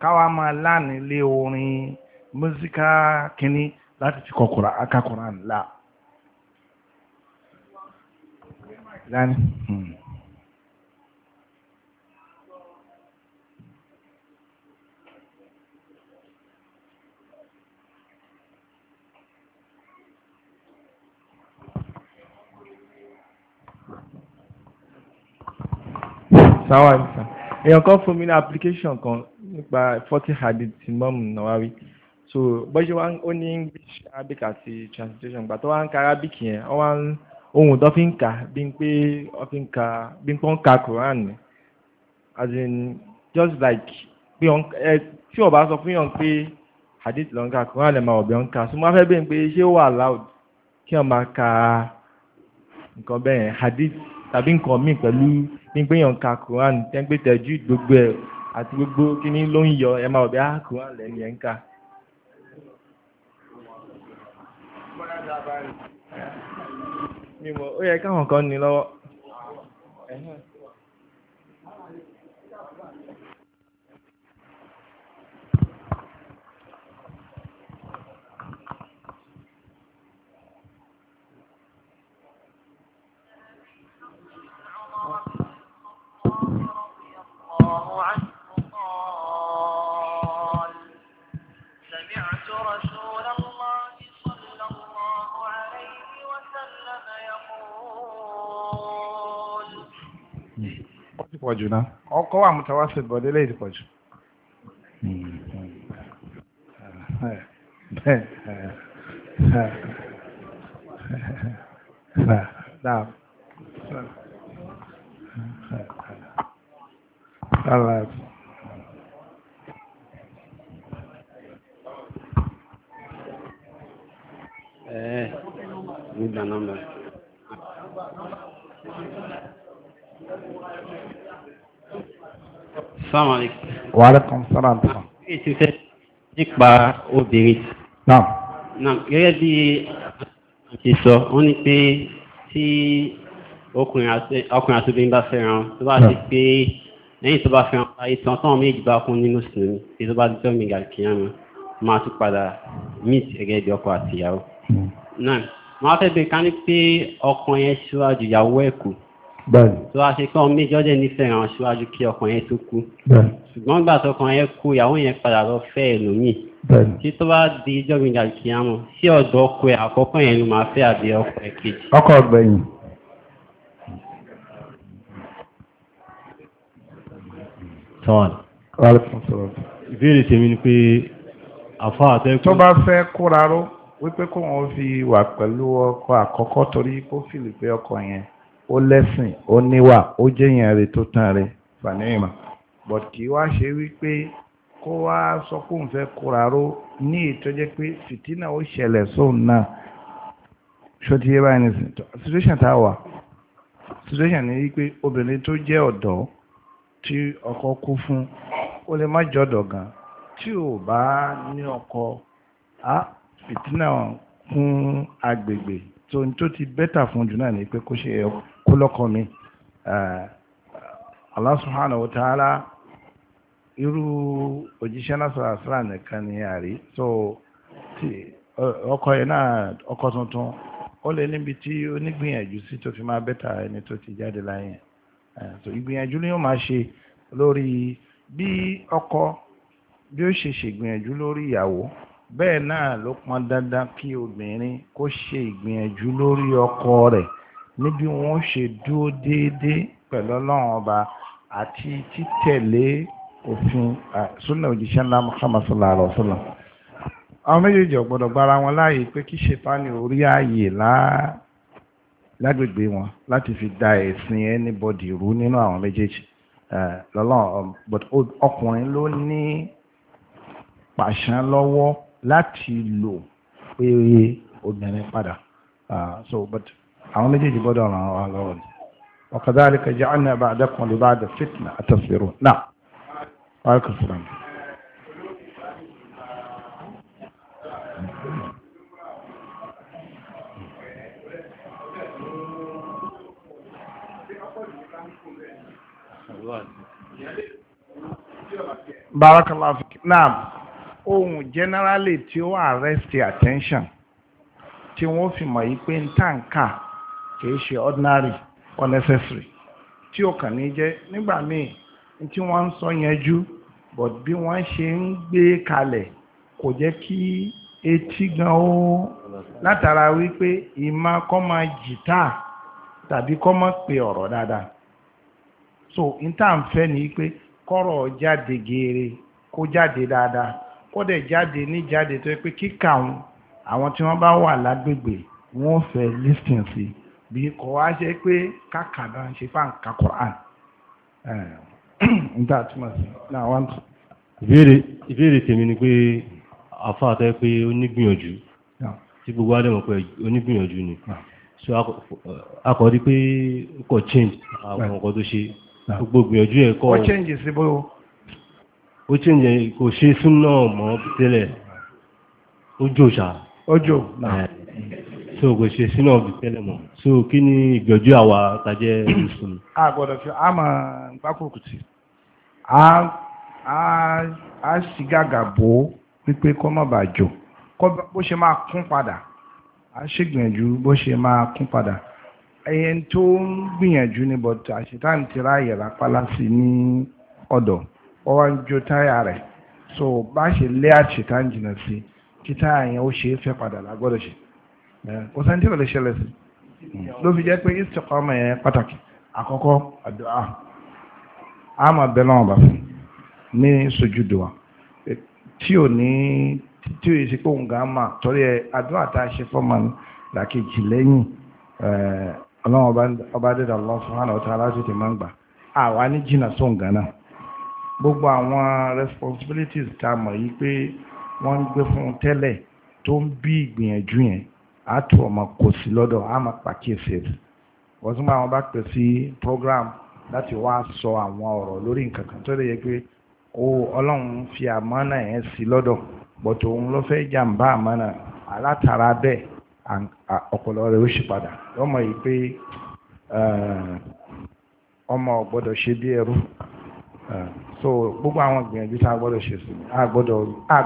ká wá máa lánàá ilé orin mọ́síkà kínní láti fi kọ Quran la. Lánàá. Hmm. sáwà nìta èèyàn kan fún mi ní application kan nípa forty hadith ti mọ́mù so bọ́jú wa ó ní English Arabic àti translation gbà tó wá ń ka Arabic yẹn ó wá ń ohun tó fi ń kà bí n pé ó fi ń ka bí n pé ń ka Quran as in just like pé ẹ tí ó bá sọ fún yàn pé hadith ló ń ka Quran lè máa ọ̀bẹ ń ka so mo fẹ́ bẹ́ẹ̀ pé ṣé ó wà loud kí wọ́n máa ka nǹkan bẹ́ẹ̀ hadith tàbí nǹkan míì pẹ̀lú ní pé yàn ka Quran tẹ́ńpé tẹ̀jú gbogbo ẹ̀ àti gbogbo kíní ló ń yọ ẹ máa ọ̀bẹ á ah, Quran lẹ́nu ẹ̀ ń ka. mímọ ó yẹ káwọn kan ní lọ́wọ́. pọ̀ jù náà ọkọ̀ wà mutawasit bọ̀dé lè ti pọ̀ jù. bẹ́ẹ̀ wàhálà kan sára ń tàn. èsì fẹ́ nípa obìnrin. náà. náà gẹ́gẹ́ bí a ti sọ wọ́n ní pé tí ọkùnrin àti obìnrin bá fẹ́ràn tó bá ti pé lẹ́yìn tó bá fẹ́ràn ayé tán tán méjì bá kún nínú sinmi tí tó bá ti tọ́ mi gàkíyàn máa tún padà meet gẹ́gẹ́ bí ọkọ àti ìyàwó. Hmm. náà máa fẹ́ bẹ̀rẹ̀ ká ní pé ọkùnrin yẹn tó a ṣe pé ọmọ méjì ọdẹ nífẹ̀ẹ́ ràn síwájú kí ọkùnrin tó kú ṣùgbọ́n ìgbà tó ọkùnrin yẹn kú ìyàwó yẹn padà lọ fẹ́ ẹlòmíì tí tó bá di ijọ́ gbìyànjú àti àmọ́ sí ọ̀dọ̀ ọkọ ẹ̀ àkọ́kọ́ yẹn ló máa fẹ́ àbí ọkọ ẹ̀ kejì. ọkọ ọgbẹ̀yìn. tọ́ọ̀nù. ìbéèrè tèmi ni pé àfa àtẹ́kùn. tó bá fẹ́ kóra ró wípé kóun fi wà pẹ̀lú ọkọ àkọ́kọ́ torí kó fìlì pé ọkọ yẹn ó lẹ́sìn ó níwà ó jẹ́yìn rẹ̀ tó tán rẹ̀ but kì í wá ṣe wípé kó wá sọ pé òun fẹ́ kóra ró ní ìtọ́jẹ́ pé fìtínà ó ṣẹlẹ̀ sóun ti báyìí situation tá a situation ni wípé obìnrin tó jẹ́ ọ̀dọ́ tí ọkọ kú fún ó lè má gan tí ò bá ní ọkọ á fìtínà kún agbègbè tó ń tó ti bẹ́tà fún jù náà ni pé kó ṣe ẹ̀kọ́. kó lọ́kọ mi Allah subhanahu wa ta'ala irú òjíṣẹ́ náà sọ̀rọ̀ àṣírà ni àrí so ti yẹn náà ọkọ tuntun ó lè níbi tí onígbìyànjú sí tó fi máa bẹ́tà ẹni tó ti jáde láyé so ìgbìyànjú ni yóò máa ṣe lórí bí ọkọ bí ó ṣe ṣègbìyànjú lórí ìyàwó bẹ́ẹ̀ náà ló pọn dandan kí obìnrin kó ṣe ìgbìyànjú lórí ọkọ rẹ̀ níbi wọ́n ṣe dúó déédéé pẹ̀lú ọlọ́run ọba àti títẹ̀lé òfin súnà òjíṣẹ́ ńlá Muhammad sallallahu alaihi wa sallam àwọn méjèèjì ọ̀gbọ́dọ̀ gbára wọn láàyè pé kí ṣètánì orí ààyè lágbègbè wọn láti fi da ẹ̀sìn anybody rú nínú àwọn méjèèjì lọ́lọ́run um, but ọkùnrin ló ní pàṣán lọ́wọ́ láti lò pé obìnrin padà so but àwọn méjèèjì gbọ́dọ̀ ràn wá lọ́wọ́ ni wa kadhalika ja'alna ba'dakum li ba'd fitna atasbirun náà wàá kò sọ̀rọ̀ mi. Ohun generally tí ó arrest the attention tí wọ́n fi mọ̀ yí pé ń tàn kìí ṣe ordinary or necessary tí ó kàn ní jẹ́ nígbà míì tí wọ́n ń sọ yẹn jú but bí wọ́n ṣe ń gbé kalẹ̀ kò jẹ́ kí etí gan ó látara wípé ìmọ̀ kọ́ máa jìtá tàbí kọ́ máa pe ọ̀rọ̀ dáadáa so n tá à ń fẹ́ ni pé kọ́rọ̀ jáde geere kó jáde dáadáa kó dẹ̀ jáde ní jáde tó yẹ pé kíkà àwọn tí wọ́n bá wà lágbègbè wọ́n fẹ́ lis ten sí i. bí kọwaa wá ṣe pé kákàdá ń ṣe fáwọn ká Quran <clears throat> sí náà wọ́n tún. ìbéèrè tèmi ni pé àfa pé onígbìyànjú tí gbogbo wa pé ni so akọ̀ọ́dí pé kọ̀ change àwọn nǹkan tó ṣe gbogbo gbìyànjú ẹ̀ kọ́ ó change change kò ṣe súnà mọ́ tẹ́lẹ̀ ó jò ṣá. ó jò náà. so kò ṣe sínú ọ̀bì tẹ́lẹ̀ mọ̀ so kí ni ìgbẹ̀jú àwa tàjẹ́ mùsùlùmí. a gbọ́dọ̀ fi a máa ń pákòkò a sì gàgà bò ó wípé kó má bàa jò kó bó ṣe máa kún padà a ṣègbìyànjú bó ṣe máa kún padà ẹyẹ tó ń gbìyànjú ni bọ̀tà àṣetán ti ráàyè rápálá sí ní ọ̀dọ̀ wọ́n wá ń jó táyà rẹ̀ so bá ṣe lé àṣetán jìnnà sí kí táyà ó ṣe é fẹ́ padà lágbọ́dọ̀ ṣe. Eh, kò sáà tí ò lè ṣẹlẹ̀ sí ló fi jẹ́ pé istiqama yẹn pàtàkì àkọ́kọ́ àdúà a máa bẹ lọ́wọ́ bá fún ní sojúdo wa e, tí ò ní tí ò yẹ sí pé òun gan máa torí ẹ àdúrà tá a ṣe fọ́ọ̀mà làkejì lẹ́yìn eh, ọlọ́run ọba dẹ́dà Allah subhanahu wa ta'ala láti tẹ̀ máa ń gbà àwa ní jìnnà sóun gan náà gbogbo àwọn responsibilities tá a mọ̀ yí pé wọ́n ń gbé fún tẹ́lẹ̀ tó ń bí ìgbìyànjú yẹn á tù ọmọ kò sí lọ́dọ̀ program láti wá sọ àwọn ọrọ lórí nǹkan kan tó lè yẹ pé ó fi àmọ́nà yẹn sí lọ́dọ̀ bọ̀tò òun ló fẹ́ jàǹbá àmọ́nà alátara bẹ́ẹ̀ ọpọlọ rẹ̀ ó sì padà ọmọ ṣe bí ẹrú so gbogbo àwọn gbìyànjú tá a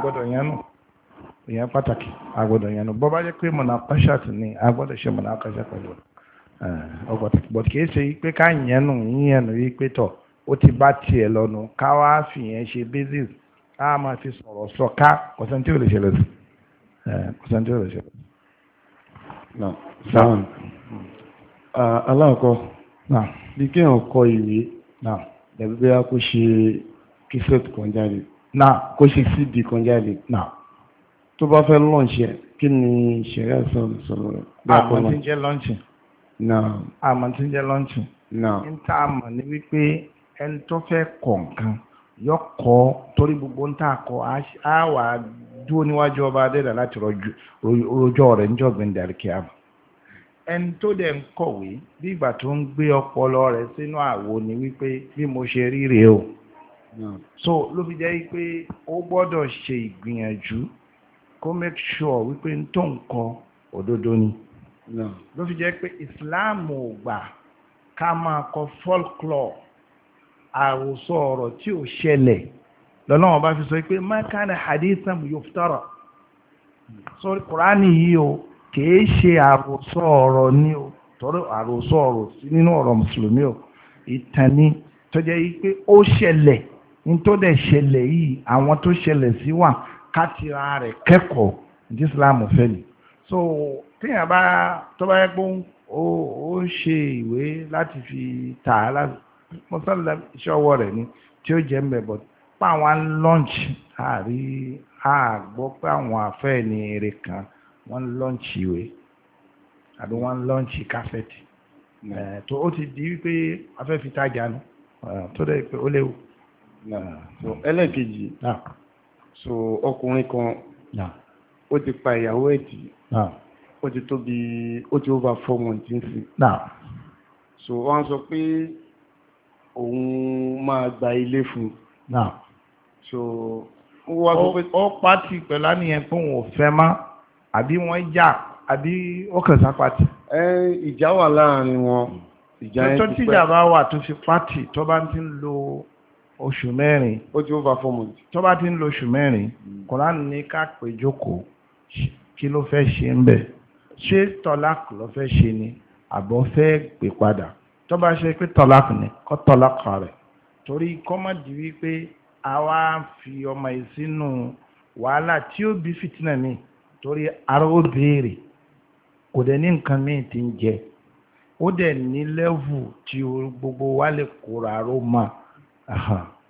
ìyẹn pàtàkì agbọ́dọ̀ yẹnu bọ́ bá jẹ́ pé munakashat ni agbọ́dọ̀ ṣe munakashat pẹ̀lú ọgbọ̀tà but kìí ṣe pé ká yẹnu yíyẹnu yìí pé tọ̀ ó ti bá tiẹ̀ lọ́nu ká wá fi yẹn ṣe fi sọ̀rọ̀ sọ ká kọ̀sán ò lè ṣẹlẹ̀ sí kọ̀sán ò lè ṣẹlẹ̀ sí. na sáwọn ah, aláàkọ́ bí kéèyàn kọ ìwé dàbí bí a kò ṣe kan tó bá fẹ́ lọ́ǹṣì ẹ̀ kí ni ṣẹ̀rẹ́ sọ̀rọ̀ sọ̀rọ̀ rẹ̀. àmọ́ ah, tí ń jẹ́ lọ́ǹṣì. àmọ́ tí ń jẹ́ lọ́ǹṣì. ń tá a mọ̀ ní wípé ẹni tó fẹ́ kọ̀ọ̀kan yọkọ̀ torí gbogbo ń tà kọ́ á wà dúró níwájú ọba adẹ́dà láti rojọ́ rẹ̀ níjọ́ gbẹ̀ndàríkẹ́ àmọ́ ẹni tó dẹ̀ ń kọ̀wé bí ìgbà tó ń gbé ọpọlọ rẹ̀ sínú àwo ni wípé bí mo ṣe rí rèé o so ló fi jẹ́ pé ó gbọ́dọ̀ ṣe ìgbìyànjú kó make sure wípé ń tó nǹkan òdodo ni ló fi jẹ́ pé ìsìláàmù ò gbà ká máa kọ folklore àròsọ ọ̀rọ̀ tí ò ṣẹlẹ̀ lọ́lọ́wọ́n bá fi sọ pé mákànnì hadithan yuftara sórí kùránì yìí o kìí ṣe àròsọ ọ̀rọ̀ ni o tọ́rọ àròsọ ọ̀rọ̀ sí nínú ọ̀rọ̀ mùsùlùmí o ìtàn ni tó jẹ́ pé ó ṣẹlẹ̀ ní tó dẹ̀ ṣẹlẹ̀ yìí àwọn tó ṣẹlẹ̀ sí wà kátìrà rẹ̀ kẹ́kọ̀ọ́ ní islam fẹ́ ni so téèyàn bá tó bá yẹ pé ó ń ṣe ìwé láti fi tà á láti mọ́sálà iṣẹ́ ọwọ́ rẹ̀ ni tí ó jẹ́ mbẹ̀ bọ́t pa àwọn lọ́ǹchì àrí àgbọ́ pé àwọn afẹ́ ni eré kan wọ́n lọ́ǹchì ìwé àbí wọ́n lọ́ǹchì káfẹ́tì hmm. eh, tó ó ti di wípé afẹ́ fi tajà nù eh, tó dẹ̀ pé ó léwu. Hmm. ẹlẹ́ẹ̀kejì ah so ọkùnrin kan ó ti pa ìyàwó ẹ̀ tì ó ti tóbi ó ti over four months ń sìn so wọ́n sọ pé òun máa gba ilé fún un so wọ́n sọ pé ó pàtì pẹ̀lá nìyẹn pé òun ò fẹ́ má àbí wọ́n jà àbí ó kàn sá pàtì. ẹ ìjà wà láàrin wọn ìjà yẹn ti pẹ́ tó tíjà bá wà tó fi pàtì tó bá ti ń lo oṣù mẹ́rin ó ti over four months tó bá ti ń lo oṣù mẹ́rin koran hmm. ní ká pè jókòó kí ló fẹ́ ṣe ń bẹ̀ ṣé tọ́lák ló fẹ́ ṣe ni àbọ̀ fẹ́ pè padà tó bá ṣe pé tọ́lák ni kọ́ tọ́lák rẹ̀ torí kọ́mọ̀dì wípé a wá fi ọmọ yìí sínú wàhálà tí ó bí fìtínà mi torí ara ó béèrè kò dẹ̀ ní nǹkan míì ti ń jẹ ó dẹ̀ ní lẹ́vù tí gbogbo wa lè kóra ró máa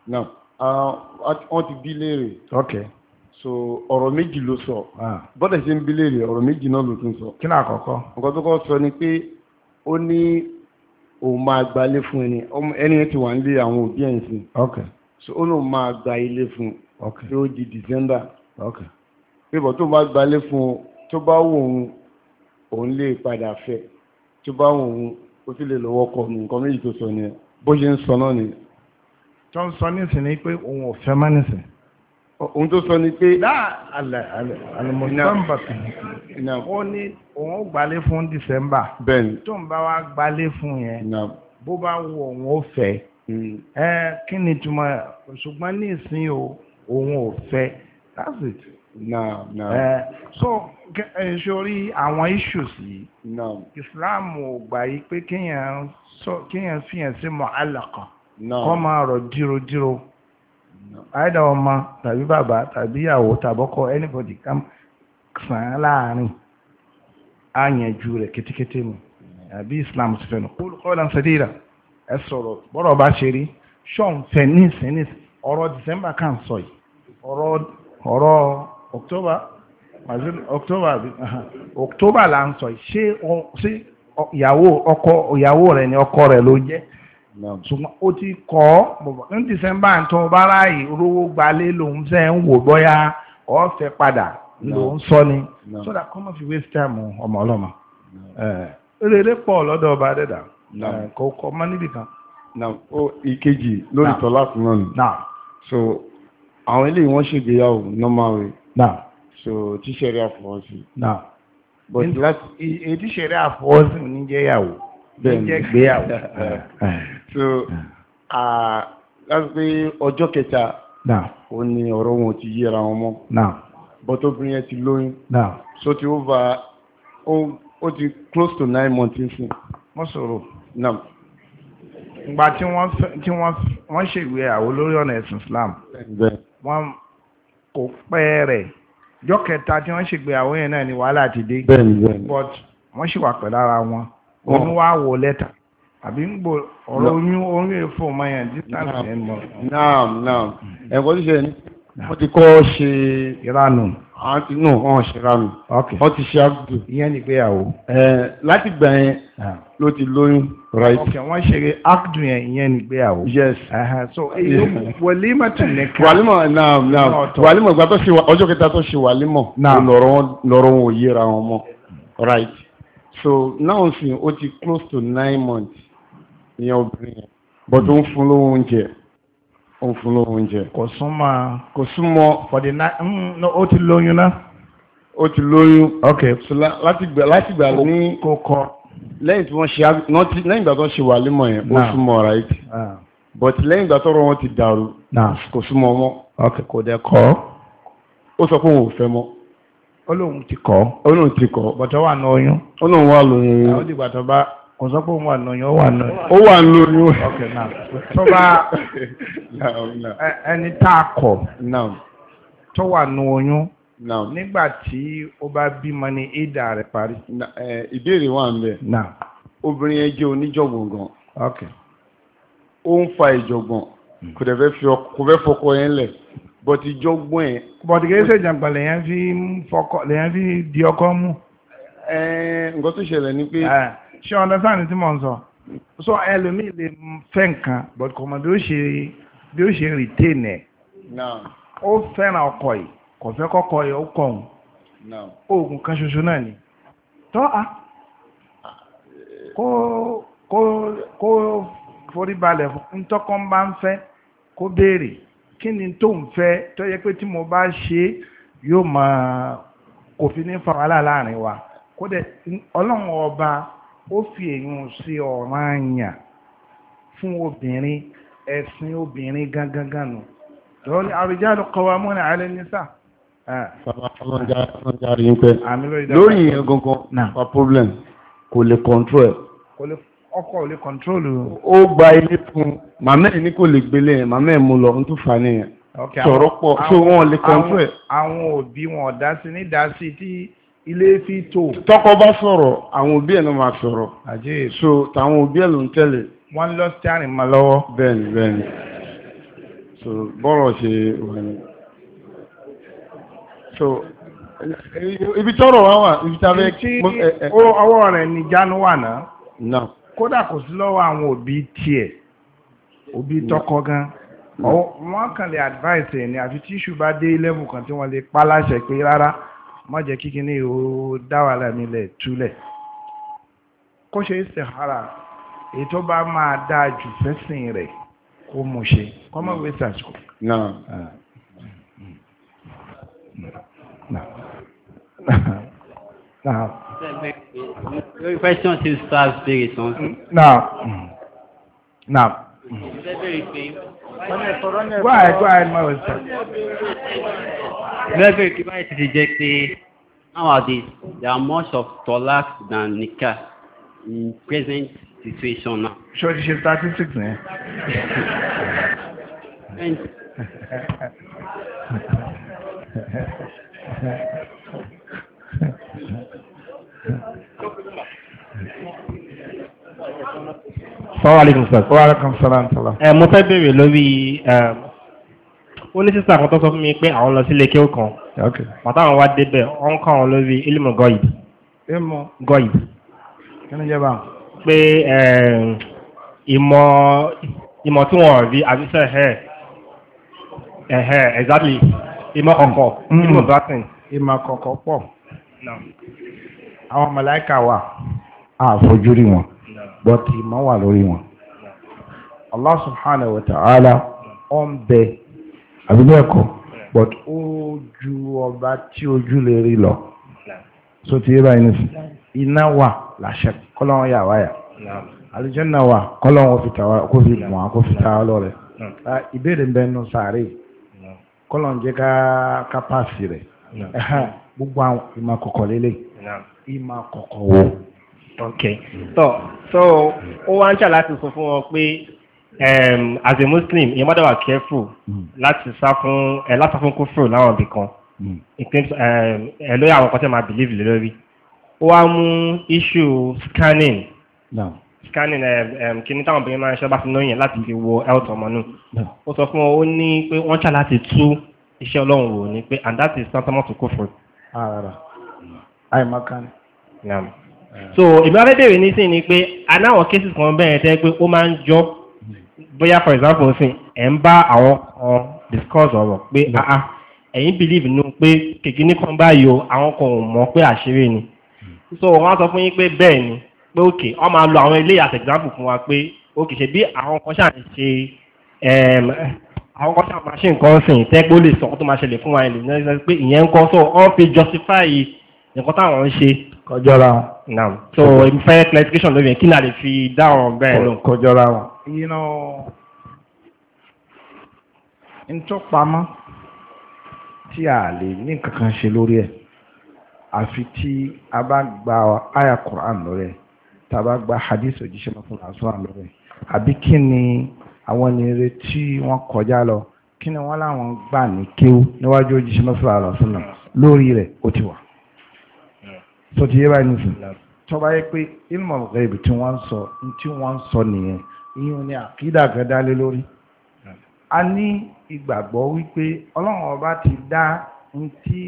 now uh, wọ́n ti bí léèrè. ok so ọ̀rọ̀ méjì ló sọ ah. bọ́dẹ̀ ṣe ń bí léèrè ọ̀rọ̀ méjì náà ló tún sọ. kí ni àkọ́kọ́. nǹkan tó kọ́ sọ ni pé ó ní òun máa gba ilé fún ẹni ẹni tí wà ń àwọn òbí ẹ̀ ń sìn. ok so ó lóun máa gba ilé fún ok tí ó di december. ok pé bọ̀ tó bá gba ilé fún tó bá wù òun òun lè padà fẹ́ tó bá wù òun ó sì lè lọ́wọ́ kọ́ nǹkan méjì tó sọ ni bó ṣe ń sọ náà nìyẹn tó ń sọ nísìn ni pé òun ò fẹ́ má nísìn. òun tó sọ ni pé. dáa alẹ alẹ alimọsánbà kan ó ní òun ó gbalé fún dísẹ́mbà. bẹ́ẹ̀ni tó ń bá wa gbalé fún yẹn bó bá wọ òun ó fẹ́. Hmm. ẹ kí ni túmọ̀ ṣùgbọ́n ní ìsín o òun ò fẹ́ that's it. No, no. Uh, so sori àwọn issues yìí. No. Islam ò gbà yí pé kéèyàn fìyàn sí mọ̀ àlàkàn kọ́ máa rọ̀ jírodíro àìdá ọmọ tàbí bàbá tàbí ìyàwó tàbọ́kọ anybody ká sàn án láàrin àyànjú rẹ̀ kétékété mu àbí Islam ti fẹ́ nù kó lóko ọ̀la ṣẹ́díra ẹ sọ̀rọ̀ bọ́rọ̀ bá ṣe rí ṣọ́n fẹ́ ní sẹ́nìs ọ̀rọ̀ December kan sọ yìí ọ̀rọ̀ ọ̀rọ̀ October October October là ń sọ yìí ṣé ìyàwó ọkọ ìyàwó rẹ̀ ni ọkọ rẹ̀ ló jẹ́ ṣùgbọ́n ó ti kọ́ ní dìsẹ́mbà tó bá ráàyè olówó gbalé lòun fẹ́ ń wò bọ́yá ọ̀fẹ́ padà lòun sọ ni so that come off waste time ọmọ ọlọ́mọ rere pọ̀ lọ́dọ̀ ọba dẹ́dà kò kọ́ mọ́ níbì kan. ìkejì lórí tọ́lá fún náà ni so àwọn eléyìí wọ́n ṣègbéyàwó normal so tíṣẹ̀rí àfọwọ́sí but láti èyí tíṣẹ̀rí àfọwọ́sí ní jẹ́yàwó. gbéyàwó. <laughs> so láti ọjọ́ kẹta ó ní ọ̀rọ̀ wọn ti yíra wọn mọ́ bọ́tọ́bìnrin yẹn ti lóyún so ti ova ó ti close to nine months nsìn. wọ́n sọ̀rọ̀ ìgbà tí wọ́n ṣègbé àwọn olórí ọ̀nà ẹ̀sìn Islam wọ́n kò pẹ́ rẹ̀ jọ́kẹta tí wọ́n ṣègbé yẹn náà ni wàhálà ti dé but wọ́n ṣì wà pẹ̀lú ara oyún wá wò lẹ́tà àbí ń gbò ọ̀rọ̀ oyún oyún èèfò mayan distance ẹ̀ mọ̀. náà náà ẹ̀kọ́ ti ṣe ni wọ́n ti kọ́ ṣe ìranù àti nù wọ́n ṣe Ok. wọ́n ti ṣe àgùdù. ìyẹn ni ìgbéyàwó. láti gbà yẹn ló ti lóyún. ok wọ́n ṣe àgùdù yẹn ìyẹn ni yes. so wàlímọ̀ tún ní ká. wàlímọ̀ náà náà wàlímọ̀ ìgbà tó ṣe ọjọ́ kẹta tó ṣe wàlímọ̀ lọ́rọ̀ wọn ò yẹra wọn mọ́ right. so now sin ó ti close to nine months ìyẹn obìnrin yẹn but ó ń fún lówó oúnjẹ ó ń fún lówó oúnjẹ. kò súnmọ́. kò súnmọ́. for the nine mm, no ó ti lóyún náà. ó ti lóyún. ok so láti gbà láti gbà ní. kò kọ. lẹ́yìn tí wọ́n ṣe nọ́tí lẹ́yìn ìgbà tó ṣe wà límọ̀ yẹn ó súnmọ́ right. but lẹ́yìn ìgbà tọ́rọ̀ wọn ti dàrú. kò súnmọ́ mọ́. ok kò dẹ̀ kọ́. ó sọ pé òun ò fẹ́ mọ́. olóhun ti kọ́ ti kọ́ bọ̀tọ̀ wà náà oyún olóhun wà lóyún oyún ó bá kò sọ pé òun wà náà oyún ó wà náà ó wà lóyún ok now tó bá <laughs> ẹni tá a kọ̀ tó wà náà oyún nígbà tí bá bímọ ní ìdá rẹ parí. ìbéèrè wà ń obìnrin gan ó ń fa hmm. kò dẹ̀ fẹ́ fọkọ yẹn bọ́tí jọ́gbọ́n ẹ̀. bọ́tí kìí ṣe jàǹgbà lèyàn fi fọkọ lèyàn fi di ọkọ mú. ẹ eh, nǹkan tó ṣẹlẹ̀ ni pé. Ah, ṣé ọ̀dà sáàni tí mò ń sọ sọ ẹlòmíì lè fẹ́ nǹkan bọ́tí kò mọ bí ó ṣe bí ó ṣe retain ẹ̀. ó fẹ́ràn ọkọ yìí kò fẹ́ kọ́kọ́ yìí ó kọ̀ ọ̀hún. oògùn kan ṣoṣo náà ni. tọ́ a kó kó kó forí balẹ̀ ntọ́kọ́ ń bá ń fẹ́ kó béèrè kí ni tó ń fẹ́ tó yẹ pé tí mo bá ṣe yóò máa kò fi ní fa wàhálà láàrin wa kódẹ ọlọ́run ọba ó fi èèyàn sí ọ̀ranyàn fún obìnrin ẹ̀sìn obìnrin gangan ganu lọ́wọ́ ar-rijalu qawwamuna 'ala an-nisa. lórí ìyẹn gangan pa problem kò lè control ọkọ ò lè kọ̀ntróòlù. ó gba ilé fún màmá ẹ̀ ní kò lè gbélé ẹ̀ màmá ẹ̀ mú lọ ń tún fà á nìyẹn sọ̀rọ̀ pọ̀ tó wọ́n lè kọ̀ntróòlù ẹ̀. àwọn òbí wọn dá sí ní dá sí tí ilé fi tò. tọkọ bá sọ̀rọ̀ àwọn òbí ẹ̀ náà máa sọ̀rọ̀. àjẹ́ so tàwọn òbí ẹ̀ ló ń tẹ̀lé. wọ́n lọ steering ma lọ́wọ́. bẹ́ẹ̀ni bẹ́ẹ̀ni so bọ́rọ̀ ṣe wà ní. so ibi tọrọ wa wà ibi tí a fẹ́. ibi tí ọwọ́ rẹ̀ ní jánu wà náà. náà kódà kò sí lọ́wọ́ àwọn òbí tiẹ̀ òbí tọkọ gan mm. wọ́n kàn lè advice ẹ̀ ní àfi tíṣù bá dé level kan tí wọ́n lè pa láṣẹ pé rárá má jẹ́ kíkí ní ìhó dáwàlà nílẹ̀ túlẹ̀ kó ṣe istikhara èyí tó bá máa dáa jù fẹ́sìn rẹ̀ kó mú ṣe kọ́mọ̀ wé sàṣọ. Now. Now. Your question still serves spirit Now, now. Mm. Mm. Go ahead, go ahead, my wisdom. Very quick, why is it Nowadays, there are much of talak than Nika in present situation now. Sure, this is 36 now. Sọ́wọ́lẹ́kùn sọ́lá. Wàhálàkùn sọ́lá ntọ́lá. Ẹ mo fẹ́ bèèrè lórí eh, ó ní sísá kan tó sọ fún mi pé àwọn lọ sílé kí ó kàn. Màtá àwọn wá débẹ̀, wọ́n ń kọ́ àwọn lórí Ilimu Goyid. Ilimu Goyid. Kí ni jẹ́ bá? Pé eh, ìmọ̀ ìmọ̀ tí wọ́n rí àbíṣẹ́ ẹ̀hẹ́ ẹ̀hẹ́ exactly ìmọ̀ kọ̀kọ̀ ìmọ̀ mm-hmm. bàtìn. Ìmọ̀ kọ̀kọ̀ pọ̀. àwọn màláíkà wà àfojúrí wọn bọ́tí mọ́ wà lórí wọn Allah subhanahu weta ala ọ ń bẹ àbílẹ̀kọ̀ but ó ju ọba tí ojú lè rí lọ so ti yé báyìí nìsín iná wà làṣẹ kọ́lọ́wọ́n yà wáyà àlùjánnà wà kọ́lọ́wọ́n kó fi mọ̀ kó fi ta ọlọ́rẹ̀ ìbéèrè ń bẹ nù sàárè kọ́lọ́wọ́n jẹ́ ká pàṣẹ rẹ̀ gbogbo àwọn ìmọ̀ kọ̀kọ̀ lélẹ̀. ìmọ̀ kọ̀kọ̀ wo. ok so so ó wá ń ṣà láti sọ fún wọn pé as a muslim you mọ́dọ̀ wà careful hmm. láti sá fún ẹ láti sá fún kófò láwọn ibì kan hmm. ẹ lórí àwọn kan tí máa believe lé lórí ó wá mú issue scanning no. scanning kíní táwọn obìnrin máa ń ṣe bá ti lóyìn láti fi wo health ọmọ náà ó sọ fún wọn ó ní pé wọ́n ṣà láti tú iṣẹ́ ọlọ́run wò ni pé and that is tantamount to kófò. Ah, àìmọ̀kan ni. Ah. so ìbí afẹ́ bèèrè ní sí ni pé aláwọn cases kan bẹ́ẹ̀ tẹ́ pé ó máa ń jọ bóyá for example sí ẹ̀ ń bá àwọn kan discuss ọ̀rọ̀ pé ah, ah ẹ̀yin believe nínú pé kìkíní kan báyìí o àwọn kan ò mọ̀ pé àṣírí ni hmm. so wọ́n sọ fún yín pé bẹ́ẹ̀ ni pé ok wọ́n máa lo àwọn ilé as example fún wa pé ok ṣe bí àwọn kan ṣáà ń ṣe ehm, àwọn kan ṣáà máa ṣe nǹkan sìn tẹ́ pé ó lè sọ ọ́ tó máa ṣẹlẹ̀ fún wa ẹ̀ pé ìyẹn ń kọ́ so wọ́n fi justify nǹkan táwọn ń ṣe kọjọ́ra wọn. naam so n fẹ́ clarification lórí yẹn kí náà lè fi dáhùn bẹ́ẹ̀ lọ. kọjọ́ra wọn. you know ntọ́pamọ́ tí a lè ní kankan ṣe lórí ẹ̀ àfi tí a bá gba aya Qur'an lórí ẹ̀ tá a bá gba hadith òjíṣẹ́ lọ́kùnrin àṣọ lórí ẹ̀ àbí kí ni àwọn nìire tí wọ́n kọjá lọ kí ni wọ́n láwọn gbà ní kéwú níwájú òjíṣẹ́ lọ́kùnrin àṣọ lórí rẹ̀ ó ti wà. tó ti yé báyìí nìsín tọ́ba yẹ pé ilmọ̀ gẹ̀ẹ́bì tí wọ́n ń sọ tí wọ́n ń sọ nìyẹn ni àkídà dálé lórí a ní ìgbàgbọ́ wípé ọlọ́run ọba ti dá ntí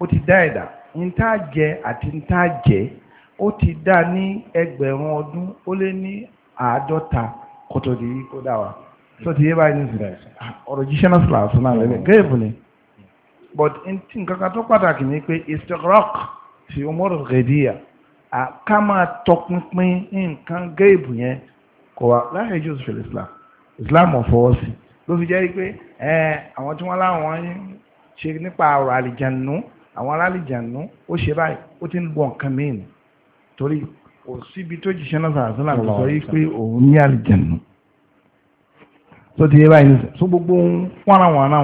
ó ti dá ẹ̀dá ntá jẹ àti ntá jẹ ó ti dá ní ẹgbẹ̀rún ọdún ó lé ní àádọ́ta di kó dá wa ọ̀rọ̀ jíṣẹ́ náà sọ̀rọ̀ àṣọ náà but tó pàtàkì ni pé fi ọmọrọ gẹdíyà ká máa tọpinpin nǹkan géèbù yẹn kò wá láyé jù fìlẹ islam islam ọ̀fọwọ́ sí ló fi jẹ́ pé àwọn tí wọ́n láwọn ṣe nípa ọ̀rọ̀ àlìjànú àwọn alálìjànú ó ṣe báyìí ó ti ń bọ̀ nǹkan mìíràn torí kò síbi tó jíṣẹ́ náà sàrásánà tó sọ yí pé òun ní àlìjànú tó ti yé báyìí nísìn tó gbogbo ń wọ́nra wọ́nra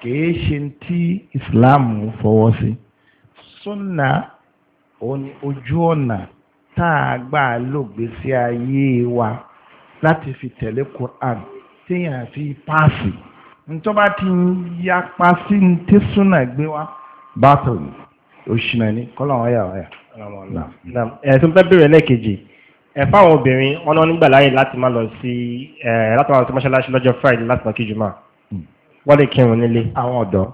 kìí ṣe tí islam fọwọ́ sí súnà ojú ọ̀nà tá a gbà lògbèsí ayé wa láti fi tẹ̀lé Quran téèyàn fi páàsì ntọ́ba ti ń yapa sí ní tí súnà gbé wa bàtọ̀ ni òṣìnà ni kọ́lọ̀ wọ́n yà wọ́n yà. ẹ̀sùn fẹ́ bẹ̀rẹ̀ lẹ́ẹ̀kejì ẹ fáwọn obìnrin wọn náà nígbà láàyè láti máa lọ sí ẹ láti mọ́ṣáláṣí lọ́jọ́ Friday láti máa jùmọ̀ hmm. wọ́n lè kírun nílé. àwọn ọ̀dọ́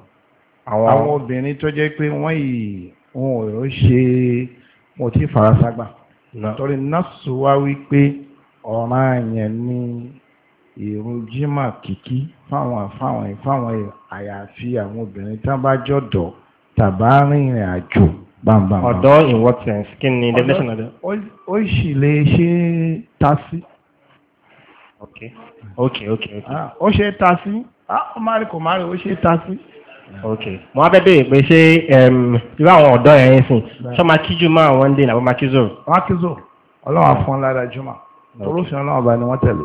àwọn obìnrin tó jẹ́ pé wọ́n yìí wọn ò ṣe wọn ti farasagbà torí nọ́ọ̀sì wá wípé ọ̀ràn yẹn ní ìrun jimá kìkí fáwọn fáwọn fáwọn àyàfi àwọn obìnrin tí wọ́n bá jọ̀dọ̀ tàbá rìnrìn àjò bámbámbá. ọ̀dọ́ in what sense kí ni definition ọ̀dọ́. ó sì lè ṣe tasí. ok ok ok ok. Ah, ó ṣe tasí ah, ó má rí kò má rí ó ṣe tasí ok mo wá fẹ́ béèrè pé ṣé irú àwọn ọ̀dọ́ yẹn ń sìn ṣọ́ máa kí jùmọ̀ àwọn one day nàbọ̀ máa kí zoro. wọ́n á kí zoro ọlọ́wà fún lára jùmọ̀ torí òfin ọlọ́wà bá ni wọ́n tẹ̀lé.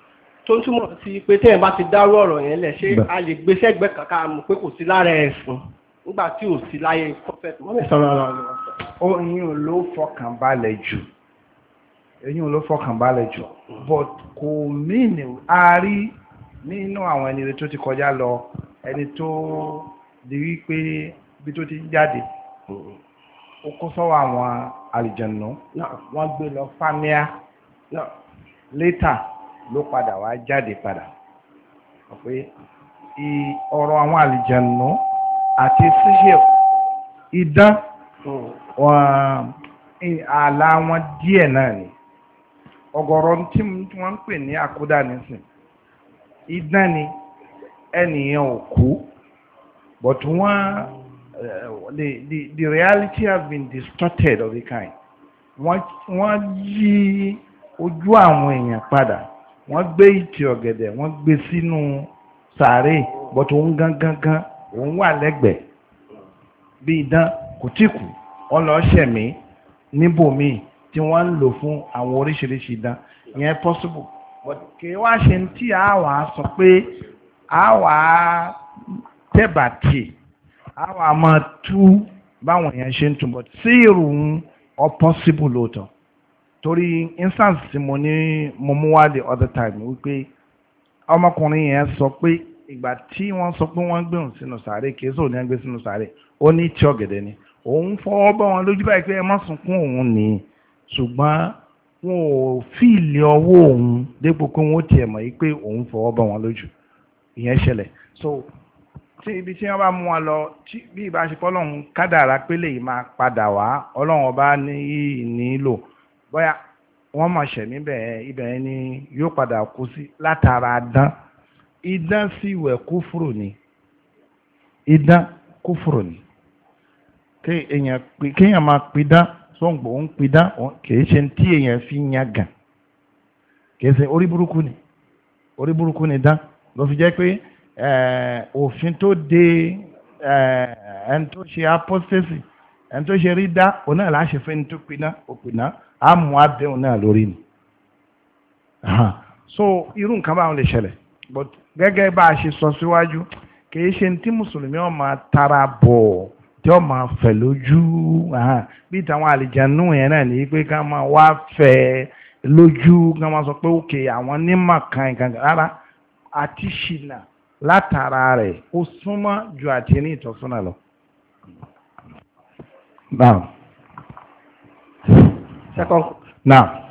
tó ń túmọ̀ sí pé tẹ́yìn bá ti dárú ọ̀rọ̀ yẹn lẹ̀ ṣé a lè gbé sẹ́gbẹ́ kankan mọ̀ pé kò sí lára ẹ̀sùn nígbà tí ò sí láyé prophet mohammed sallallahu alaihi wasallam. oyin ló fọkàn balẹ̀ jù eyín ló fọkàn balẹ̀ jù mm. but kò mìíní a rí nínú àwọn ẹni tó ti kọjá lọ ẹni tó di wípé bí tó ti ń jáde mm. ó kó sọ́wọ́ àwọn àlìjẹ̀nù wọ́n gbé lọ fámíà later ló padà wá jáde padà pé ọ̀rọ̀ àwọn àlìjànú àti síṣẹ́ idán hmm. ààlà wọn díẹ̀ náà ni ọ̀gọ̀rọ̀ tí wọ́n ń pè ní àkúdà nísìn idán ni ẹnìyàn ò kú but wọ́n eh, the, the, the reality has been distorted of the kind wọ́n yí ojú àwọn èèyàn padà wọ́n gbé ìtì ọ̀gẹ̀dẹ̀ wọ́n gbé sínú sàárè bọ́tò ń gán gán gán òun wà lẹ́gbẹ̀ẹ́ bí idán kò tí kù ọlọ́ọ̀ṣẹ̀mí níbòmí tí wọ́n ń lò fún àwọn oríṣiríṣi idán ìyẹn possible but kì í wá ṣe tí a wà á sọ pé a wà á tẹ̀bàtì a wà á máa tú báwọn yẹn ṣe ń tún bọ̀ sí ìrùn ọ possible lóòótọ́ torí instance tí mo ní mo mú wá the other time wípé ọmọkùnrin yẹn sọ pé ìgbà tí wọ́n sọ pé wọ́n gbé òun sínú sàárè kéésò ní ẹgbẹ́ sínú sàárè ó ní tí ni òun fọwọ́ bọ́ wọn lójú báyìí pé ẹ má sunkún òun ni ṣùgbọ́n wọn ò fíìlì ọwọ́ òun dépò pé wọ́n tiẹ̀ mọ̀ yìí pé òun fọwọ́ bọ́ wọn lójú ìyẹn ṣẹlẹ̀ so tí ibi tí wọ́n bá mú wa lọ bí ìbáṣepọ̀ ọlọ́run kádàrá pé lè máa padà wá ọlọ́run ọba ní nílò bóyá wọ́n máa ṣẹ̀mí bẹ́ẹ̀ ibẹ̀ yẹn ni yóò padà kú sí látara dán idán sì wẹ̀ kúfùrù ni idán kúfùrù ni kéèyàn máa pidán sọ́ǹgbò ń pidán kìí ṣe tí èèyàn fi ń yan gàn kìí ṣe orí burúkú ni orí burúkú ni dán ló fi jẹ́ pé eh, òfin tó de eh, ẹni tó ṣe apostasy ẹni tó ṣe rí dá òun náà láṣẹ fẹ́ni tó pidán òpinà amu abin na lori ni so irun kan ba le sele but gege ba se so siwaju ke se nti muslimi o ma tarabo ti o ma fe loju aha bi ta wa le janu na ni pe kan ma wa fe loju kan ma so pe oke awon ni ma kan ara ati shina latara re o suma ju ati ni to funa lo Bye. Second. Now.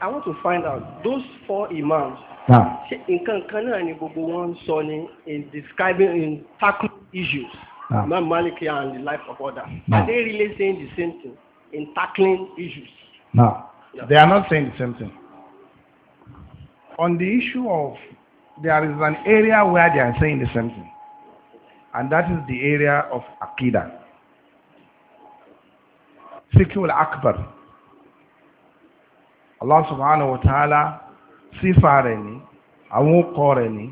I want to find out those four imams. Now. Ṣé nǹkan kan náà ni gbogbo wọn sọ ni in describing in tackling issues. Now. Imam Malik and the life of others. Now. Are they really saying the same thing in tackling issues? Now. Yeah. They are not saying the same thing. On the issue of there is an area where they are saying the same thing. And that is the area of akida. Sikul Akbar. Allah subhanahu wa ta'ala sífà rẹ̀ ní àwọn ọkọ̀ rẹ̀ ní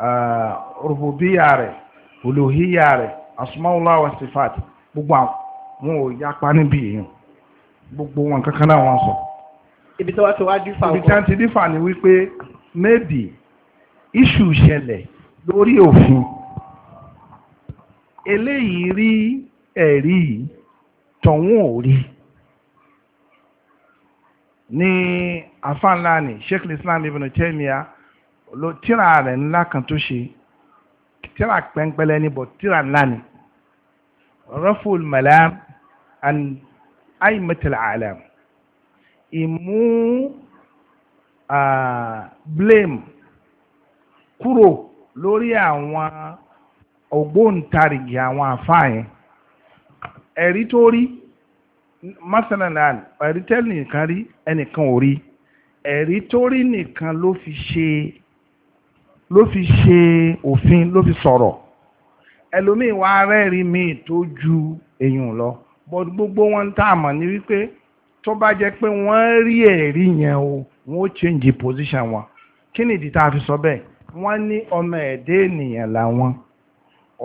uh, rububiyya rẹ̀ uluhiyya rẹ̀ asmaullah wa sifat gbogbo àwọn ò yapa níbi èèyàn gbogbo wọn kankan náà wọ́n sọ. ibi tí wọ́n ti ní àfáànlá ni sheikh islam ibn Taymiyyah ló tíra rẹ̀ ńlá kan tó ṣe tíra pẹ́ńpẹ́lẹ́ ní bọ̀ tíra ńlá ni raful malam an aimatul alam ìmú blame kúrò lórí àwọn ògbóǹtarìgì àwọn àfáà ẹ̀rí tó rí masalan ẹ̀rí tẹ́lẹ̀ nìkan rí ẹnìkan ò rí ẹ̀rí tó rí nìkan ló fi ṣe ló fi ṣe òfin ló fi sọ̀rọ̀ ẹlòmíì wá rẹ́rìí míì tó ju èèyàn lọ bọ́d gbogbo wọn tá a mọ̀ ní wípé tó bá jẹ́ pé wọ́n rí ẹ̀rí yẹn o wọ́n ó change position wọn kí nìdí tá a fi sọ bẹ́ẹ̀ wọ́n ní ọmọ ẹ̀dẹ́ ènìyàn làwọn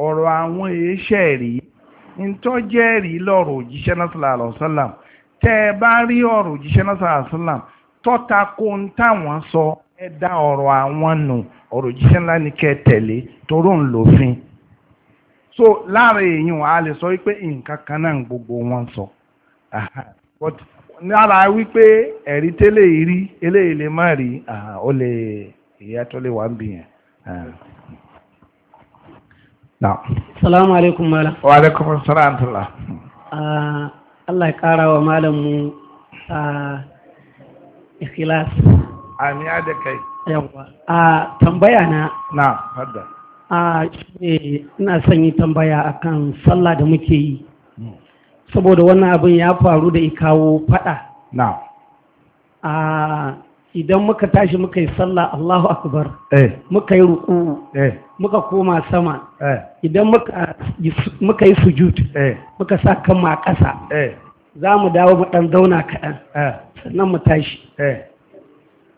ọ̀rọ̀ àwọn èéṣẹ́ rí ntọ́jẹ́rìí lọ́rọ̀ òjíṣẹ́ náà sọ̀rọ̀ tẹ́ ẹ bá rí ọ̀rọ̀ òjíṣẹ́ náà sọ̀rọ̀ tọ́ta kó ń táwọn sọ ẹ dá ọ̀rọ̀ àwọn nù ọ̀rọ̀ òjíṣẹ́ ńlá ni kẹ́ tẹ̀lé toró ń lòfin so lára èèyàn a lè sọ wípé nǹkan kan náà gbogbo wọn sọ but lára wípé ẹ̀rí tẹ́lẹ̀ rí eléyìí lè má rí ó lè ìyàtọ̀ lè wá ń na salamu alaikum malam wa alaikum salam tullah ah, Allah ya kara wa malam malamu a ah, ikhlas amiya da kai yawa a ah, tambaya na na hadda a ina son yi tambaya akan sallah da muke yi hmm. saboda wannan abin ya faru da ikawo fada na a idan muka tashi muka yi sallah Allahu akbar eh. muka yi ruku eh. muka koma sama eh. idan muka yi sujud muka sa kan ma ƙasa za mu dawo mu ɗan zauna kaɗan sannan mu tashi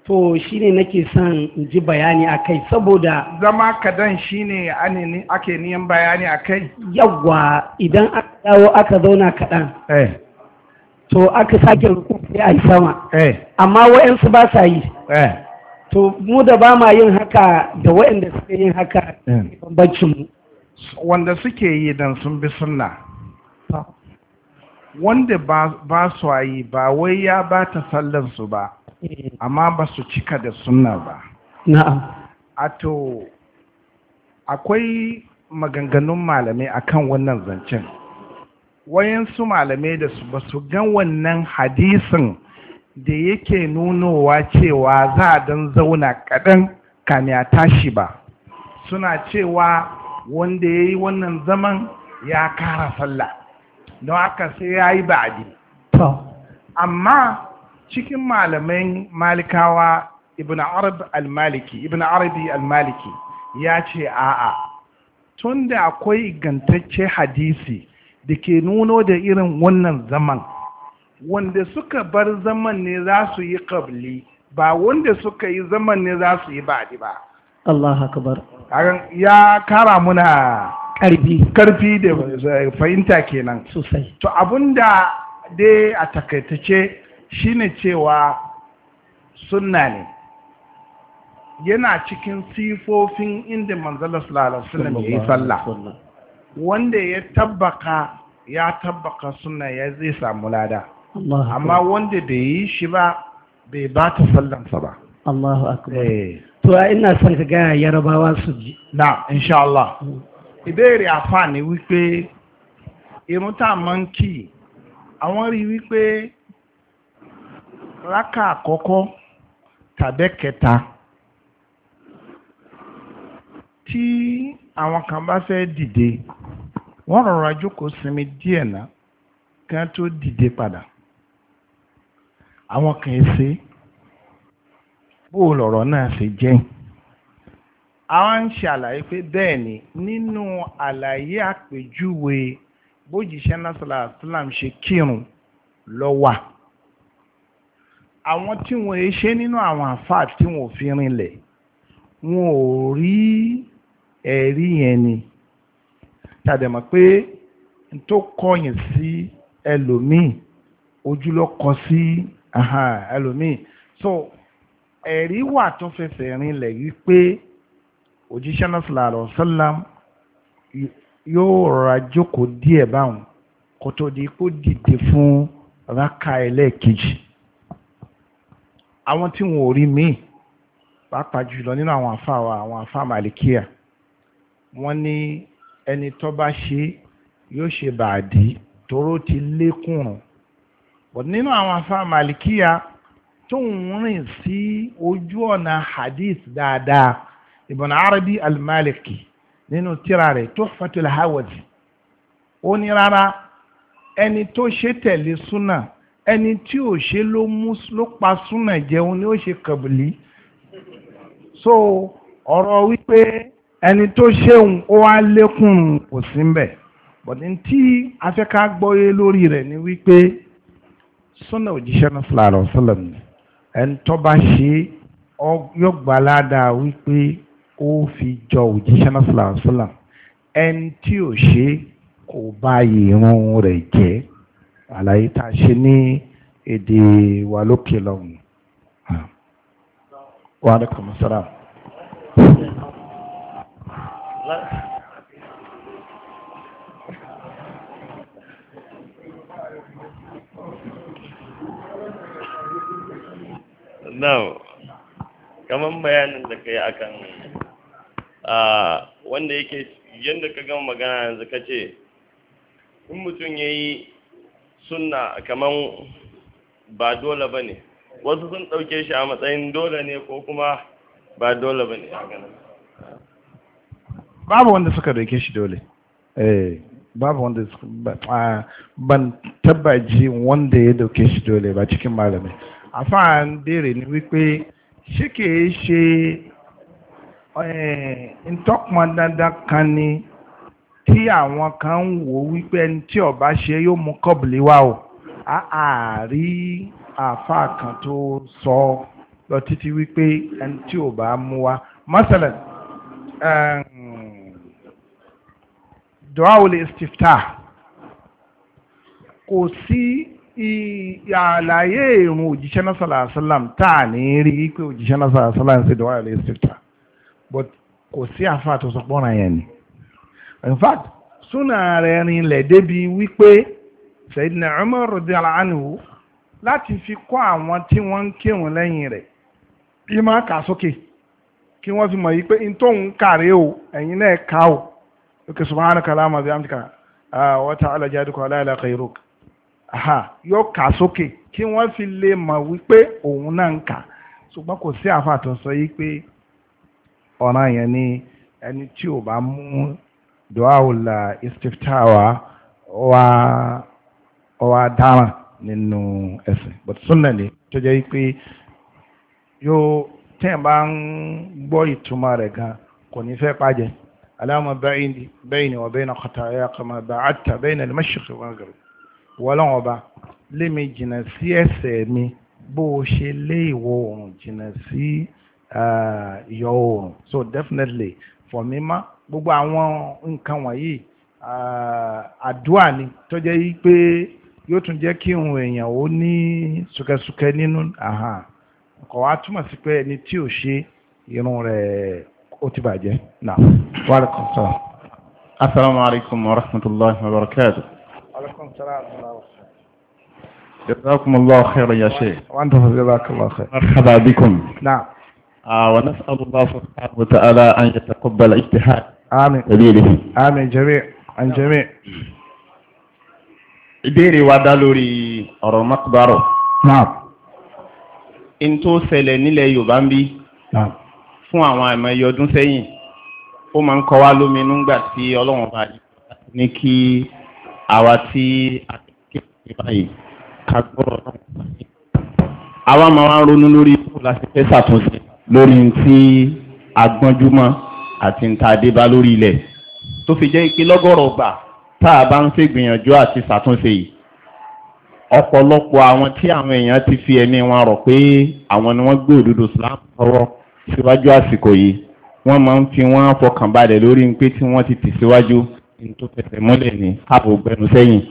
to shi ne nake son in ji bayani a kai saboda zama kadan ne ake niyan bayani a kai yawwa idan aka dawo aka zauna kaɗan to aka sake ruku sai a yi sama eh. amma wa'yansu ba sa yi eh. to mu da ba ma yin haka da wa'yanda suke yin haka eh. bambancin mu wanda suke yi dan sun bi sunna wanda ba su yi ba wai ya ba ta sallansu ba amma ba su cika da sunna ba na'am to akwai maganganun malamai akan wannan zancen wayansu malamai da su ba su gan wannan hadisin da yake nunowa cewa za a don zauna kaɗan kamiya tashi ba suna cewa wanda ya yi wannan zaman ya kara sallah don haka sai ya yi ba'adi amma cikin malamin malikawa ibn arab al-maliki ibn arabi al-maliki ya ce a'a tunda akwai ingantaccen hadisi da ke nuno da irin wannan zaman wanda suka bar zaman ne za su yi kabli ba wanda suka yi zaman ne za su yi baɗi ba Allah ya kara muna karfi karfi da eh, fahimta kenan sosai to abinda dai a takaitace shine cewa sunna ne yana cikin sifofin inda manzala sallallahu suna mai yi sallah wanda ya tabbaka ya tabbaka suna ya zai samu lada amma wanda bai yi shi ba bai ba ta sallansa ba Allahu akbar eh. to ina son ka gaya yarabawa su ji na insha Allah ìbéèrè àfà ní wípé irun tá a máa ń kì àwọn rí wípé rákà àkọ́kọ́ tàbẹ́ àwọn kan bá fẹ́ dìde wọ́n rọra jókòó sinmi díẹ̀ náà kí wọ́n tó dìde padà àwọn kan ṣe bó lọ̀rọ̀ náà ṣe jẹ́ àwọn ń ṣe àlàyé pé bẹ́ẹ̀ ni nínú àlàyé àpèjúwe bójìṣẹ́ násàlá islam ṣe kírun lọ́wà àwọn tí wọ́n ṣe nínú àwọn àfáà tí wọ́n fi rinlẹ̀ wọn ò rí ẹ̀rí yẹn ni. tàdẹ̀mọ̀ pé tó kọ̀yìn sí ẹlòmíì ojú kọ sí ẹlòmíì so ẹ̀rí wà tó fẹsẹ̀ rinlẹ̀ pe òjíṣẹ́ náà sallallahu alaihi yóò rọra jókòó díẹ̀ báwọn kó tó di kó dìde fún raka ẹlẹ́ẹ̀kejì àwọn tí wọn ò rí míì pàápàá jùlọ nínú àwọn àwọn ẹni tó bá ṣe yóò ṣe bàdí toró ti lékùn bọ̀ nínú àwọn afá malikiya tó ń rìn sí ojú ọ̀nà hadith dáadáa ibn arabi al-maliki nínú tírà rẹ̀ tuhfatul hawazi ó ní rárá ẹni tó ṣe tẹ̀lé súnà ẹni tí ò ṣe ló mú ló pa súnà jẹun ni ó ṣe kàbùlí so ọ̀rọ̀ wípé ẹni tó ṣéun ó wá lékún kò sí ń bẹ̀ bọ̀dé tí afẹ́ká gbọ́yé lórí rẹ̀ ni wípé sọ́nà òjíṣẹ́ náà fúlàrọ̀ sọ́lọ̀m ni ẹni tó bá ṣe yóò gbà ládàá wípé ó fi jọ òjíṣẹ́ náà fúlàrọ̀ sọ́lọ̀m ẹni tí ò ṣe kò bá ìrun rẹ̀ jẹ́ àlàyé tá a ṣe ní èdè wa lókè lọ́hùn. wàhálà kọ́mọ́sára. now kamar bayanin da ka yi akan wanda yake yadda ka gama magana yanzu ka ce in mutum ya yi suna kamar ba dole ba ne wasu sun ɗauke shi a matsayin dole ne ko kuma ba dole ba ne a ganin babu wanda suka doke shi dole eh babu wanda ban taba ji wanda ya doke shi dole ba cikin malamai afa n béèrè ni wípé ṣé kìí ṣe ntọ́pọn dandan kan ni tí àwọn kan ń wò wípé ẹni tí ọba ṣe yóò mú kọ́bùlì wá o àárí àfa kan tó sọ lọ títí wípé ẹni tí ọba mú wá masalan. Eh, duawul istiftah kò sí àlàyé ìrun òjíṣẹ́ náà sàlàyé sàlàm tá à ní rí i pé òjíṣẹ́ náà sàlàyé sàlàm ṣe duawul but kò sí àfa tó sọ pọ́nra yẹn ni in fact súnà rẹ̀ rinlẹ̀ débi wípé Sayyidina Umar radiyallahu anhu láti fi kọ́ àwọn tí wọ́n ń kírun lẹ́yìn rẹ̀ bí máa kà sókè kí wọ́n fi mọ̀ yí pé n kàrí o ẹ̀yin náà ká o okay subhanaka allahumma bihamdika ah wa ta'ala jaduka la ilaha ghayruk aha yóò kà sókè kí wọ́n fi lè mọ̀ wípé òun náà ń kà ṣùgbọ́n kò sí àfa tó sọ yìí pé ọ̀ràn yẹn ni ẹni tí ò bá mú dùáwùlà istiftawa wa wa dáràn nínú ẹ̀sìn but súnà ni tó jẹ́ pé yóò tẹ̀ bá ń gbọ́ ìtumọ̀ rẹ̀ gan kò ní fẹ́ pàjẹ́. اللهم بعيني بيني وبين خطايا كما بعدت بين المشرق والمغرب Ọlọ́run Ọba lé mi jìnnà sí ẹ̀ṣẹ̀ mi bó o ṣe lé ìwọ̀ oòrùn jìnnà sí so definitely for me ma gbogbo àwọn nǹkan wọ̀nyí àdúrà ni tó jẹ́ yí pé yóò tún jẹ́ kí òun èèyàn ó ní súkẹ́súkẹ́ nínú kò wá túmọ̀ sí pé ẹni tí ò ṣe irun rẹ̀ ó ti bàjẹ́ náà. wàhálà kan sọ. asalaamualeykum wa rahmatulahi wa barakatu. aleykum salaam wa rahmatulahi. جزاكم الله خيرا يا شيخ وانتم جزاك الله خير مرحبا بكم نعم آه ونسأل الله سبحانه وتعالى أن يتقبل اجتهاد آمين سبيله آمين جميع عن جميع ìbéèrè wa dá lórí ọ̀rọ̀ makbaro. naam. n tó ṣẹlẹ̀ nílẹ̀ yorùbá ń bí. naam fún àwọn àìmọye ọdún sẹ́yìn ó máa ń kọ wá lóminú nígbà tí ọlọ́run bá yí ní kí àwa tí a kékeré báyìí ká gbọ́rọ̀ àwa máa wá ronú lórí ipò láti fẹ́ ṣàtúnṣe lórí tí agbọ́njúmọ́ àti ntàdébá lórí ilẹ̀ tó fi jẹ́ ike lọ́gọ́rọ̀ gbà tá a bá ń ṣègbìyànjú àti ṣàtúnṣe yìí ọ̀pọ̀lọpọ̀ àwọn tí àwọn èèyàn ti fi ẹ̀mí wọn rọ̀ pé àwọn ni wọ́n gbé òdodo Islam tọwọ́ síwájú àsìkò yìí wọ́n máa ń fi wọ́n fọkànbalẹ̀ lórí pé tí wọ́n ti tì síwájú ní tó fẹsẹ̀ mọ́lẹ̀ ní ààbò gbẹnu sẹ́yìn.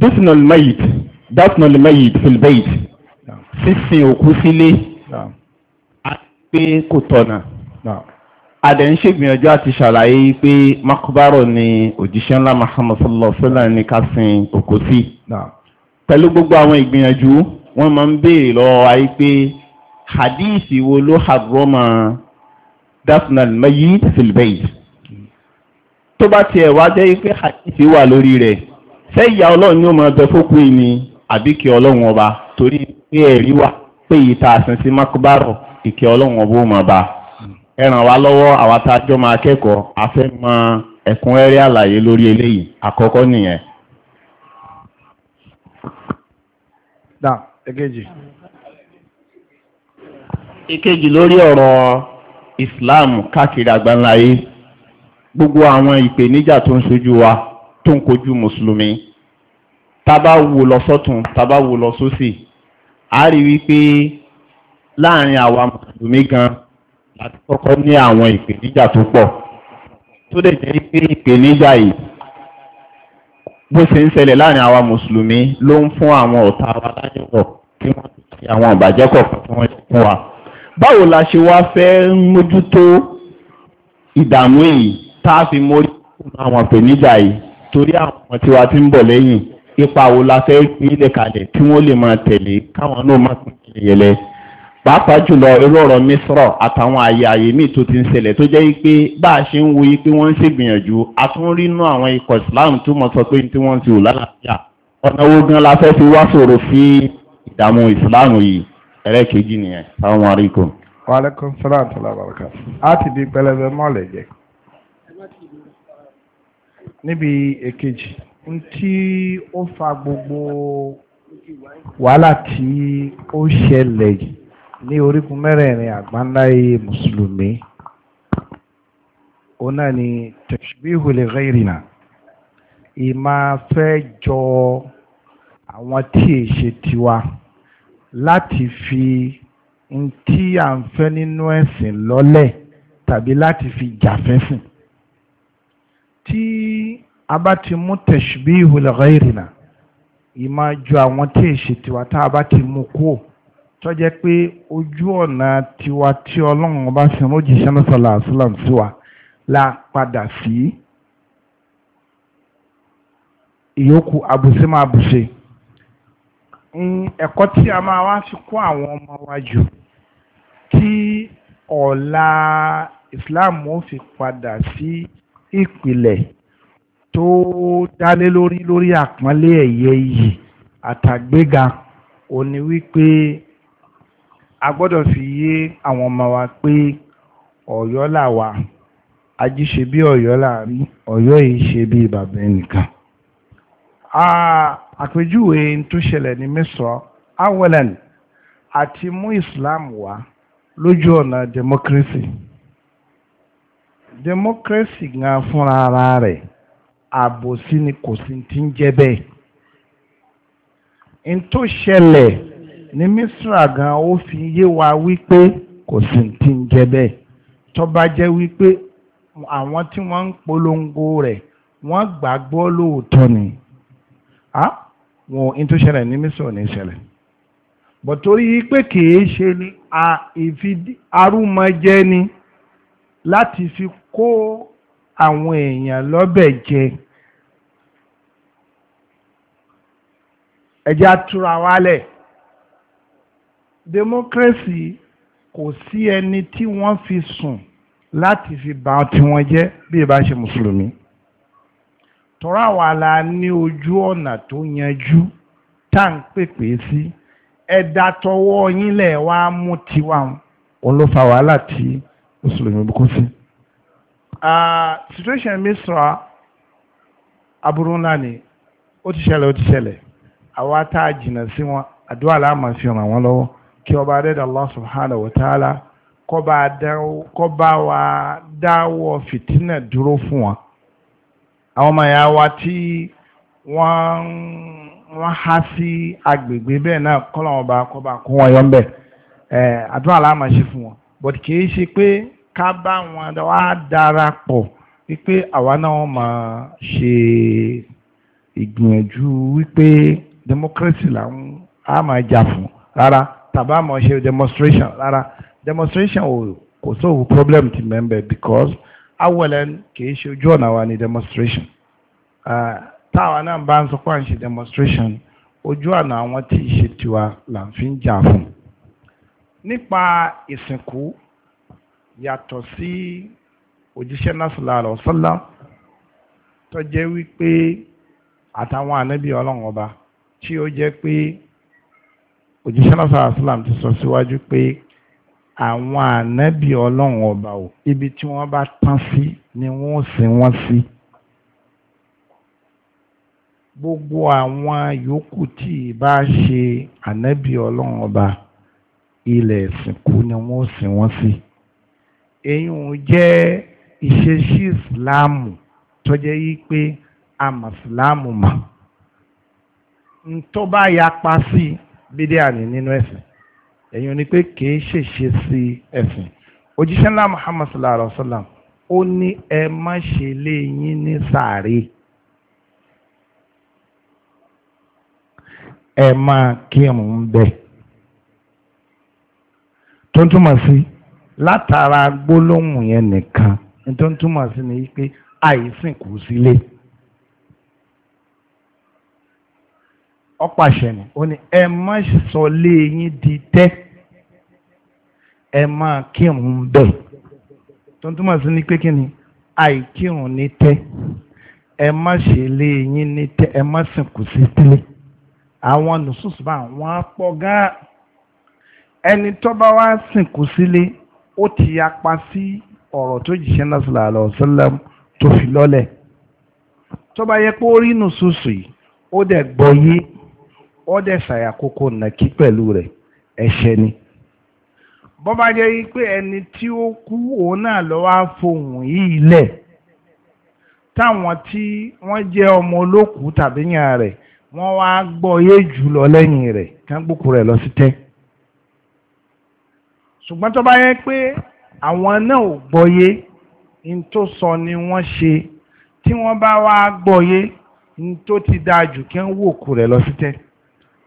dafnul mayit dafnul mayit fil bayt sísìn òkú sílé pé kò tọ̀nà adẹ̀ ń ṣègbìyànjú àti ṣàlàyé pé makubaro ni òjíṣẹ́ ńlá Muhammad sallallahu alaihi wasallam ní ká sin òkú sí pẹ̀lú gbogbo àwọn ìgbìyànjú wọ́n máa ń béèrè lọ́wọ́ wa pé hadisi wo ló haroma dafnal mayi filbait tó bá tiẹ̀ wá jẹ́ pé hadisi wà lórí rẹ̀ ṣé ìyà ọlọ́run yóò máa bẹ fókù ni àbí kí ọlọ́run ọba torí pé ẹ̀rí wà pé yìí ta àsìn sí makubaro ìkẹ́ ọlọ́run ọba ó máa bá ẹ ràn wá lọ́wọ́ àwa tá a jọ máa kẹ́kọ̀ọ́ a fẹ́ mọ ẹ̀kúnrẹ́rẹ́ àlàyé lórí eléyìí àkọ́kọ́ nìyẹn. dá ẹgẹ́jì ìkejì lórí ọ̀rọ̀ islam káàkiri àgbáńláyé gbogbo àwọn ìpèníjà tó ń ṣojú wa tó ń kojú mùsùlùmí tábà wò lọ sọ́tún tábà wò lọ sósì a rí wípé láàrin àwa mùsùlùmí gan láti kọ́kọ́ ní àwọn ìpèníjà tó pọ̀ tó lè jẹ́ pé ìpèníjà yìí bó ṣe ń ṣẹlẹ̀ láàrin àwa mùsùlùmí ló ń fún àwọn ọ̀tá wa láyọ̀ tí wọ́n ti ṣe àwọn ìbàjẹ́ kọ̀ọ̀kan tí wọ́n ti fún wa báwo la ṣe wá fẹ́ mójútó ìdààmú yìí tá a fi mórí àwọn àpèníjà yìí torí àwọn tiwa ti ń bọ̀ lẹ́yìn ipa wo la fẹ́ ilẹ̀ kalẹ̀ tí wọ́n lè máa tẹ̀lé káwọn náà má pín ìyẹlẹ pàápàá jùlọ irú ọ̀rọ̀ mísírọ̀ àtàwọn àyè àyè míì tó ti ń ṣẹlẹ̀ tó jẹ́ pé bá a ṣe ń wo yí pé wọ́n ń ṣègbìyànjú a tún rí inú àwọn ikọ̀ Islam tó sọ pé tí wọ́n ti wò lálàáfíà ọ̀nà wo gan la fẹ́ fi wá sọ̀rọ̀ sí ìdààmú Islam yìí ẹlẹ́kejì nìyẹn assalamu alaikum. wa alaikum salaam tala baraka a ti di pẹlẹbẹ mọ́ọ̀lẹ̀ jẹ níbi èkejì tí ó fa gbogbo wàhálà tí ó ṣẹlẹ̀ ní orígun mẹ́rẹ̀ẹ̀rin àgbáńláyé mùsùlùmí ó náà ni tashbihu li ìmáa fẹ́ jọ àwọn tí èṣe tiwa láti fi n tí à ń fẹ́ nínú ẹ̀sìn lọ́lẹ̀ tàbí láti fi jàfẹ́sìn tí a bá ti mú tashbihul ghayrina ìmáa ju àwọn tí èsì tiwa tá a bá ti mú kúò tó jẹ́ pé ojú ọ̀nà tiwa tí ọlọ́run bá fi rójìṣẹ́ náà sọ̀lá àṣìlám sí wa la padà sí ìyókù àbùsí máa bùṣe ẹ̀kọ́ tí a máa wá fi kó àwọn ọmọ wa jù tí ọ̀la Islam ó fi padà sí ìpìlẹ̀ tó dálé lórí lórí àpọ́nlé ẹ̀yẹ yìí àtàgbéga ó wípé a gbọ́dọ̀ fi yé àwọn ọmọ wa pé ọ̀yọ́ là wà ají ṣe bí ọ̀yọ́ là ń ọ̀yọ́ yìí ṣe bí bàbá ẹnìkan àpèjúwe tó ṣẹlẹ̀ ní Misra awalan àti mú Islam wá lójú ọ̀nà democracy democracy gan fúnra ara rẹ̀ àbòsí ni kò sí ti ń jẹ́ bẹ́ẹ̀ n tó ṣẹlẹ̀ ní Misra gan ó fi yé wa wípé kò sí ti ń jẹ́ bẹ́ẹ̀ tó bá jẹ́ wípé àwọn tí wọ́n ń polongo rẹ̀ wọ́n gbàgbọ́ lóòótọ́ ni wọn in tó ṣẹlẹ̀ ní mísọ̀ ní ṣẹlẹ̀ bọ̀ torí pé kìí ṣe ni arúmọjẹ ni láti fi kó àwọn èèyàn lọ́bẹ̀ jẹ ẹja túra wálẹ̀ democracy kò sí ẹni tí wọ́n fi sùn láti fi bà tiwọn jẹ́ bí ìbá ṣe mùsùlùmí. tọ́ra wà la ní ojú ọ̀nà tó yanjú tá à ń pèpè sí ẹ̀dá tọwọ́ yín lẹ̀ wá mú tiwa ló fa wàhálà situation Misra aburú ńlá ni ó ti ṣẹlẹ̀ ó ti ṣẹlẹ̀ àwa tá a jìnnà sí wọn àdúrà láàmà fi ràn lọ́wọ́ kí ọba adẹ́dà Allah subhanahu wa ta'ala kó wa dáwọ́ fìtínà dúró fún wọn. àwọn ọmọ ìyá wa tí wọ́n wọ́n há sí agbègbè bẹ́ẹ̀ náà kọ́lọ́wọ́n bá kọ́ bá kó wọn yọ ń bẹ̀ àdúrà láàmà ṣe fún wọn but kì í ṣe pé ká bá wọn wá darapọ̀ wípé àwa náà máa ṣe ìgbìyànjú wípé democracy là ń á máa jà fún rárá tàbá máa ṣe demonstration rárá demonstration ò kò sóòwò problem ti mẹ́mbẹ̀ because awalan kìí ṣe ojú ni demonstration táwa náà bá ń demonstration ojú ọ̀nà àwọn t'i ṣe tiwa la fi òjíṣẹ́ náà sallallahu tó jẹ́ wípé àtàwọn ànábì ọlọ́run ọba tí ó jẹ́ pé òjíṣẹ́ ti sọ síwájú àwọn ànábì ọlọ́run ọba ò ibi tí wọ́n bá tán sí ni wọ́n sin wọ́n sí gbogbo àwọn yòókù tí ìbá ṣe ànábì ọlọ́run ọba ilẹ̀ ìsìnkú ni wọ́n sin wọ́n sí èyún jẹ́ ìṣesí ìsìláàmù tó jẹ́ yí pé a mọ̀ ìsìláàmù mọ̀ ń tó bá yapa sí bídíà nínú ẹ̀sìn ẹ̀yin ni pé kìí ṣèṣe sí ẹ̀sìn òjíṣẹ́ ńlá muhammad sallallahu alaihi wa sallam ó ní ẹ má ṣe lé yín ní sàárè ẹ máa bẹ tó ń túmọ̀ gbólóhùn yẹn nìkan tó ń túmọ̀ sí ni pé àìsìn sílé. ọ̀pàṣẹ ni ó ní ẹ má sọ lé yín di tẹ́ ẹ máa kírun bẹ̀ tó ń túmọ̀ sí ní pé kí ni àìkírun ní tẹ́ ẹ má ṣe lé yín ní tẹ́ ẹ má sìnkú sí tẹ́lẹ̀ àwọn nùsùsù bá wọn á pọ̀ gan ẹni tó bá wá sìnkú sílé ó ti yapa sí ọ̀rọ̀ tó jìṣẹ́ náà sọ̀rọ̀ àlọ́ tó fi lọ́lẹ̀ tó bá yẹ pé ó rí nùsùsù yìí ó dẹ̀ gbọ́ yé ó dẹ̀ ṣàyàkókò nàkí pẹ̀lú rẹ̀ ẹ̀ṣẹ̀ ni bọ́ bá jẹ́ wípé ẹni tí ó kú òun náà lọ wá fohùn yìí lẹ̀ táwọn tí wọ́n jẹ́ ọmọ olókùú tàbí yàn rẹ̀ wọ́n wá gbọ́ yé jù lọ lẹ́yìn rẹ̀ kán gbókù rẹ̀ lọ sí tẹ́ ṣùgbọ́n tó bá yẹ pé àwọn náà ò gbọ́yé n tó sọ ni wọ́n ṣe tí wọ́n bá wá gbọ́yé n tó ti dáa jù kí wọ́n wòkù rẹ̀ lọ sí tẹ́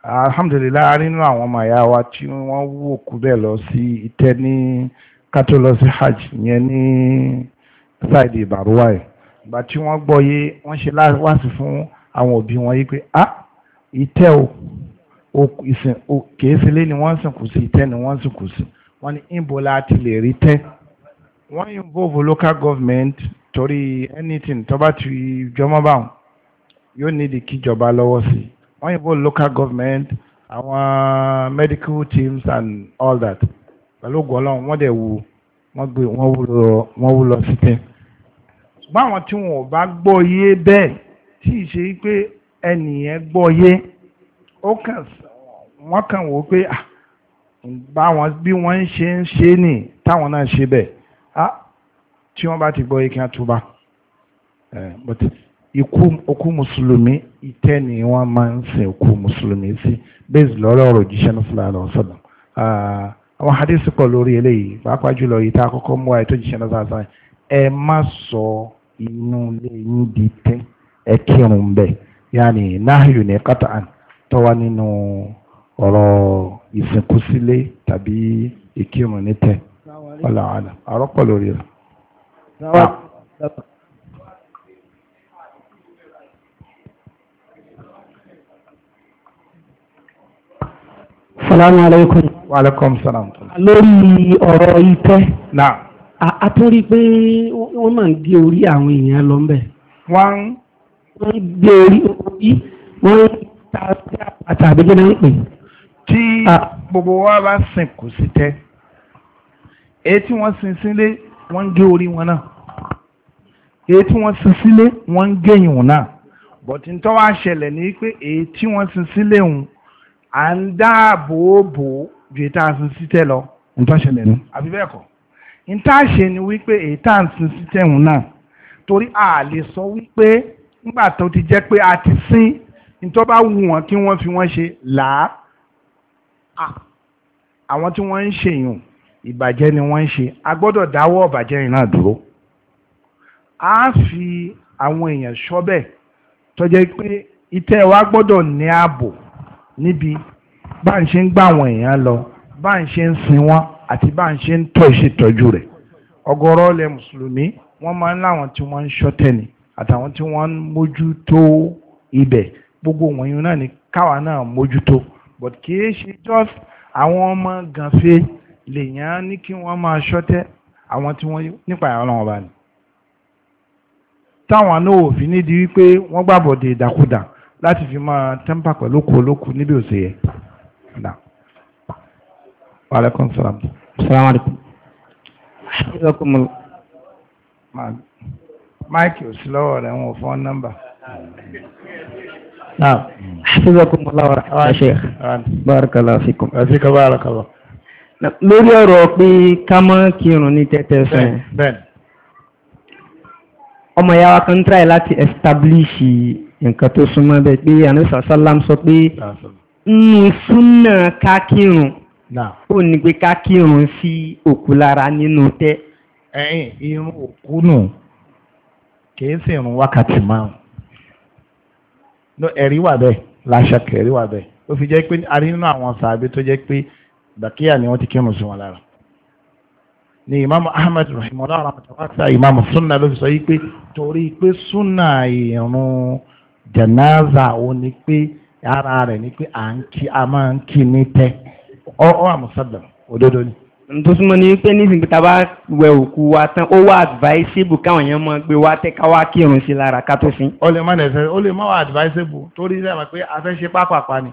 alhamdulillah nínú àwọn ọmọ ìyá wa tí wọ́n wú òkú bẹ́ẹ̀ lọ sí ìtẹ́ ní kátó lọ sí hajj yẹn ní sáìdì ìbàrúwá ẹ̀ ìgbà tí wọ́n gbọ́ yé wọ́n ṣe láwàsí fún àwọn òbí wọn yí pé ah ìtẹ́ o ìsìn kìí sí lé ni wọ́n sìnkú sí ìtẹ́ ni wọ́n sìnkú sí wọ́n ní ìbò láti lè rí tẹ́ wọ́n involve local government torí anything tó bá ti jọmọ́ báwọn yóò nídìí kíjọba lọ́wọ́ sí i wọ́n yìnbó local government our medical teams and all that pẹ̀lú gọ́lọ́n wọ́n dẹ̀ wù wọ́n gbé wọ́n wù lọ wọ́n wù lọ sí tẹ́ ṣùgbọ́n àwọn tí wọn ò bá gbọ́ yé bẹ́ẹ̀ tí ì ṣe pé ẹnìyẹn gbọ́ yé ó kàn wọ́n kàn wò pé ah bá wọn bí wọ́n ń ṣe ń ṣe nì táwọn náà ṣe bẹ́ẹ̀ ah, tí wọ́n bá ti gbọ́ yé kí wọ́n túbà. ikú òkú mùsùlùmí ìtẹ́ ni wọ́n máa ń sin òkú mùsùlùmí sí bẹ́ẹ̀ lọ́rọ̀ ọ̀rọ̀ jíṣẹ́ náà fúnra lọ sọ̀dọ̀ àwọn hadisi kọ lórí eléyìí pàápàá jùlọ yìí tá a kọ́kọ́ mú àìtó jíṣẹ́ náà sáà sáà ẹ má sọ inú ilé di tẹ́ ẹ kírun náhìlú ní nínú ọ̀rọ̀ tàbí ìkírun ní tẹ́ àrọ́pọ̀ lórí rẹ̀. salamu alaykum. wa aleykum salam. lórí ọ̀rọ̀ itẹ́. na. a tún rí i pé wọ́n máa ń gé orí àwọn èèyàn lọ ńbẹ̀. wọ́n. wọ́n ń gé orí orí wọ́n ń ta àtàbí jẹ́ náà ń pè. tí gbogbo wa bá sìn kò sí tẹ́ èyí tí wọ́n sin sílé wọ́n ń gé orí wọn náà èyí tí wọ́n sin sílé wọ́n ń gé ìwọ̀n náà bọ̀tí ń tọ́wọ́ àṣẹlẹ̀ ní pé èyí tí wọ́n sin sílé òun à ń dáàbò bò ju ètò àṣìṣe tẹ lọ nǹkan ṣẹlẹ̀ nù àbí bẹ́ẹ̀ kọ́ nta ṣe ni wípé ètà ń sin sítẹ̀hún náà torí a lè sọ wípé nígbà tó ti jẹ́ pé a ti sin nítorí bá wù wọ́n kí wọ́n fi wọ́n ṣe là á àwọn tí wọ́n ń ṣe yùn ìbàjẹ́ ni wọ́n ń ṣe a gbọ́dọ̀ dáwọ́ ìbàjẹ́ yìí náà dúró a fi àwọn èèyàn ṣọ́bẹ̀ tó pé ìtẹ́ wa gbọ́dọ̀ ní ààbò níbi bá ń ṣe ń gbà àwọn èèyàn lọ bá ń ṣe ń sin wọn àti bá ń ṣe ń tọ́ ìṣètọ́jú rẹ̀ ọ̀gọ̀rọ̀ ilẹ̀ mùsùlùmí wọ́n máa ń láwọn tí wọ́n ń ṣọ́tẹ̀ ni àtàwọn tí wọ́n ń mójútó ibẹ̀ gbogbo wọ̀nyí náà ni káwa náà mójútó but kì í ṣe just àwọn ọmọ gànfẹ́ lèèyàn ní kí wọ́n máa ṣọ́tẹ̀ àwọn tí wọ́n nípa ìrànlọ́wọ́ bá ní táwọn náà ò nídìí wípé wọ́n gbàbọ̀dé ìdàkudà láti fi máa tẹ́ḿpà pẹ̀lú okò olókù níbi òsè yẹ. Wàlẹ́kùn sàlám. Sàlámàlẹ́kùn. Máìkì ò sí lọ́wọ́ rẹ̀ wọn ò fọ́n nọ́mbà. Naam. Hafizakum Allah wa Sheikh. Barakallahu fikum. Afika barakallahu. Lórí ọ̀rọ̀ pé ká mọ́ kírun ní tẹ́tẹ́ sọ yẹn. Ọmọ ìyá wa kan ń try láti establish nǹkan tó súnmọ́ bẹ́ẹ̀ pé anisa salam sọ pé nínú súnà kákírun ó ní pé kákírun sí òkú lára nínú tẹ́. ẹ̀yìn irun òkú nù kìí sì rún wákàtí márùn-ún ẹ̀rí wà bẹ́ẹ̀ láṣà kẹ̀rí wà bẹ́ẹ̀ ó fi jẹ́ pé a rí nínú àwọn sàábé tó jẹ́ pé bàkíyà ni wọ́n ti kírun sí wọn lára ni imamu ahmed rahimahullah rahmatulahi imamu sunna ló fi sọ yí pé torí pé sunna ìrún jẹ̀náza ó ní pé ara rẹ̀ ní pé à ń kí a máa ń kí ní tẹ́ ọ́ àmùsọ̀dọ̀ òdodo ni. tó súnmọ́ ni pé nísìnyí tá bá wẹ òkú wa tán ó wá advisable káwọn èèyàn máa gbé wa tẹ́ ká wá kírun sí lára ká tó sin. ó lè má nẹ̀sẹ̀ ó lè má wà advisable torí rẹ̀ mọ̀ pé a ṣe pápápá ni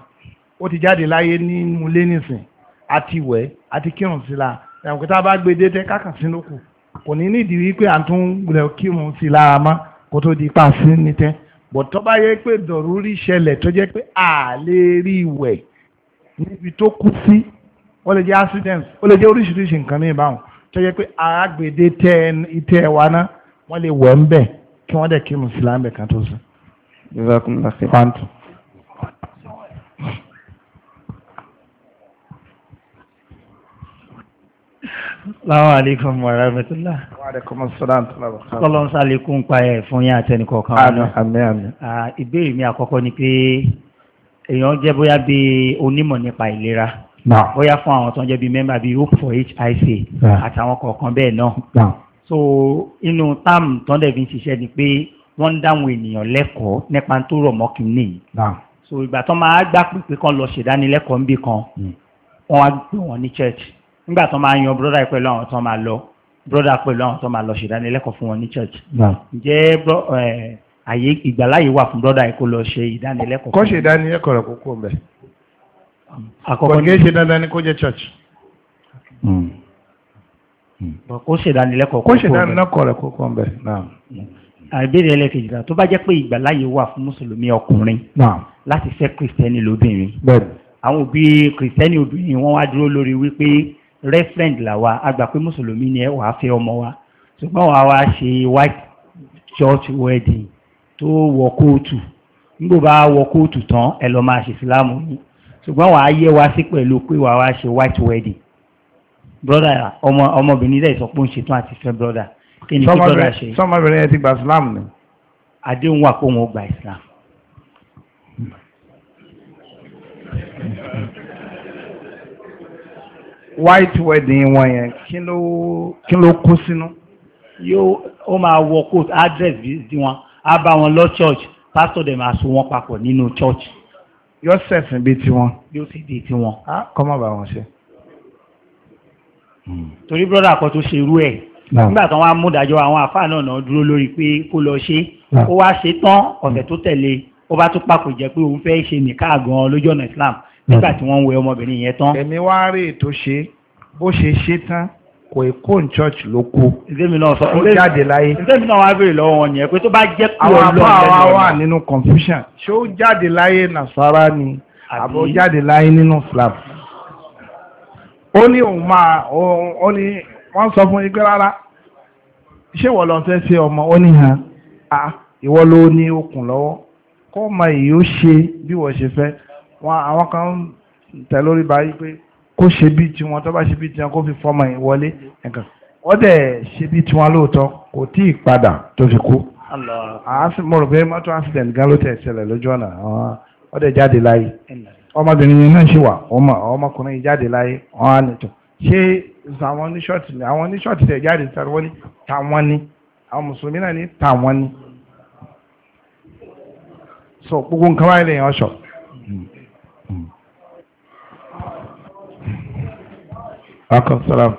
ó ti jáde láyé nínú ilé nìsín àti wẹ̀ àti kírun sí la ẹ̀wọ̀n kí tá a bá gbé dé tẹ́ kákan sínú kù kò ní nídìí wípé à ń tún gbìlẹ̀ kírun sí lára mọ́ kó tó di ipa sí ní tẹ́ bọ̀tọ́ bá yẹ pé dọ̀rúrí ṣẹlẹ̀ tó jẹ́ pé a lè rí ìwẹ̀ níbi tó kú sí ó lè jẹ́ accident ó lè jẹ́ oríṣiríṣi nǹkan ní ìbáwọn tó jẹ́ pé arágbèdè tẹ ìtẹ́ wa náà wọ́n lè wẹ̀ ń bẹ̀ kí wọ́n dẹ̀ kí mùsùlùmí kan tó sùn. Láwọn àlékún mọ̀rá mẹ́tọ́lá. Ọlọ́run sálékún pa ẹ̀ fún yín àti ẹnìkọ̀ọ̀kan wọn. Àmín àmín. Ìbéèrè mi àkọ́kọ́ ni pé èèyàn jẹ́ bóyá bí onímọ̀ nípa ìlera. Bóyá fún àwọn tó ń jẹ́ bí mẹ́mbà bí Hope for HIC àtàwọn kọ̀ọ̀kan bẹ́ẹ̀ náà. So inú táàmù tó ń dẹ̀ fi ń ṣiṣẹ́ ni pé wọ́n ń dáwọn ènìyàn lẹ́kọ̀ọ́ nípa tó rọ̀ mọ́kìnní. So ìgbà tó máa gbà pé kán lọ ṣèdánilẹ́kọ̀ọ́ níbì kan, hmm. wọ́n wá gbé wọn ní church nígbà tó máa yan brọ́dà pẹ̀lú àwọn tó máa lọ brọ́dà pẹ̀lú àwọn tó máa lọ ṣèdánilẹ́kọ̀ọ́ fún wọn ní church. ǹjẹ́ àyè ìgbàláyè wà fún brọ́dà kó lọ ṣe ìdánilẹ́kọ̀ọ́. kọ́ ṣe ìdánilẹ́kọ̀ọ́ rẹ̀ kókó mbẹ́. àkọ́kọ́ ní ṣe dandan ni kó jẹ́ church. Hmm. Hmm. kó ṣe ìdánilẹ́kọ̀ọ́ kókó mbẹ́. kó ṣe ìdánilẹ́kọ̀ọ́ rẹ̀ kókó mbẹ́. àbẹ̀rẹ̀ ẹlẹ́kejì tó bá jẹ́ pé ìgbàláyè wà fún mùsùlùmí ọkùnrin láti fẹ́ kìrìsìtẹ́nì lóbìnrin. àwọn òbí kìrìsìtẹ́nì obìnrin wọ́n wá dúró lórí wípé referent làwa a gbà pé mùsùlùmí ni ẹ wàá fẹ́ ọmọ wa ṣùgbọ́n wàá wá ṣe white church wedding tó wọ kóòtù nígbò bá wọ kóòtù tán ẹ lọ máa ṣe ìsìláàmù yìí ṣùgbọ́n wàá yẹ wá sí pẹ̀lú pé wàá wá ṣe white wedding brother ọmọ ọmọbìnrin rẹ̀ sọ pé ń ṣetán àti fẹ́ brother kí ni kí brother ṣe. sọmọbìnrin yẹn ti gba islam ni. àdéhùn wà kó wọn gba islam. white wedding wọn yẹn kí ló kí ló kó sínú. yóò ó máa wọ coat address bí wọn á bá wọn lọ church pastor dem á so wọn papọ̀ nínú church. yóò sẹ̀sìn bíi tiwọn. yóò sì di tiwọn. á kọ́ má bàa wọn ṣe. Hmm. torí brọ́dà kan tó ṣe irú ẹ̀ nígbà tán wá mú ìdájọ́ àwọn àfáà náà náà dúró lórí pé kó lọ ṣe ó wá ṣe tán ọ̀sẹ̀ tó tẹ̀lé ó bá tún papò jẹ́ pé òun fẹ́ ṣe nìka gan lójú ọ̀nà Islam nígbà hmm. tí wọ́n ń wẹ ọmọbìnrin yẹn tán. èmi wá rí ètò ṣe bó ṣe ṣe tán kò ì kó ní church ló kú. ìdẹ́mi náà sọ ó jáde láyé. ìdẹ́mi náà wá béèrè lọ́wọ́ wọn yẹn pé tó bá jẹ́ kú ọlọ́run lẹ́nu ọ̀la. àwọn àbá wa nínú confusion ṣé ó jáde láyé nasara ni àbó jáde láyé nínú Islam. ó ní òun máa ó ní wọ́n sọ fún igbe rárá ṣé wọ́n lọ fẹ́ ṣe ọmọ ó ní hàn á ìwọ ló ní okùn lọ́wọ́ kó ọmọ yìí ó ṣe bí wọ́n ṣe fẹ́ wọn àwọn kan tẹ̀ lórí báyìí pé kó ṣe bí tiwọn tó bá ṣe bí tiwọn kó fi fọmọ yìí wọlé nǹkan wọ́n dẹ̀ ṣe bí tiwọn lóòótọ́ kò tí ì padà tó fi kú. mo rò pé mọ́tò accident gan ló tẹ̀ ṣẹlẹ̀ lójú ọ̀nà wọ́n dẹ̀ jáde láyé ọmọbìnrin yìí náà ṣì wà ọmọkùnrin yìí jáde láyé wọ́n á nìtọ̀ ṣé àwọn oníṣọ́ọ̀tì ni àwọn oníṣọ́ọ̀tì tẹ̀ jáde tàwọn ni tàwọn ni àwọn mùsùlùmí so gbogbo nǹkan wáyé lè akọ salam.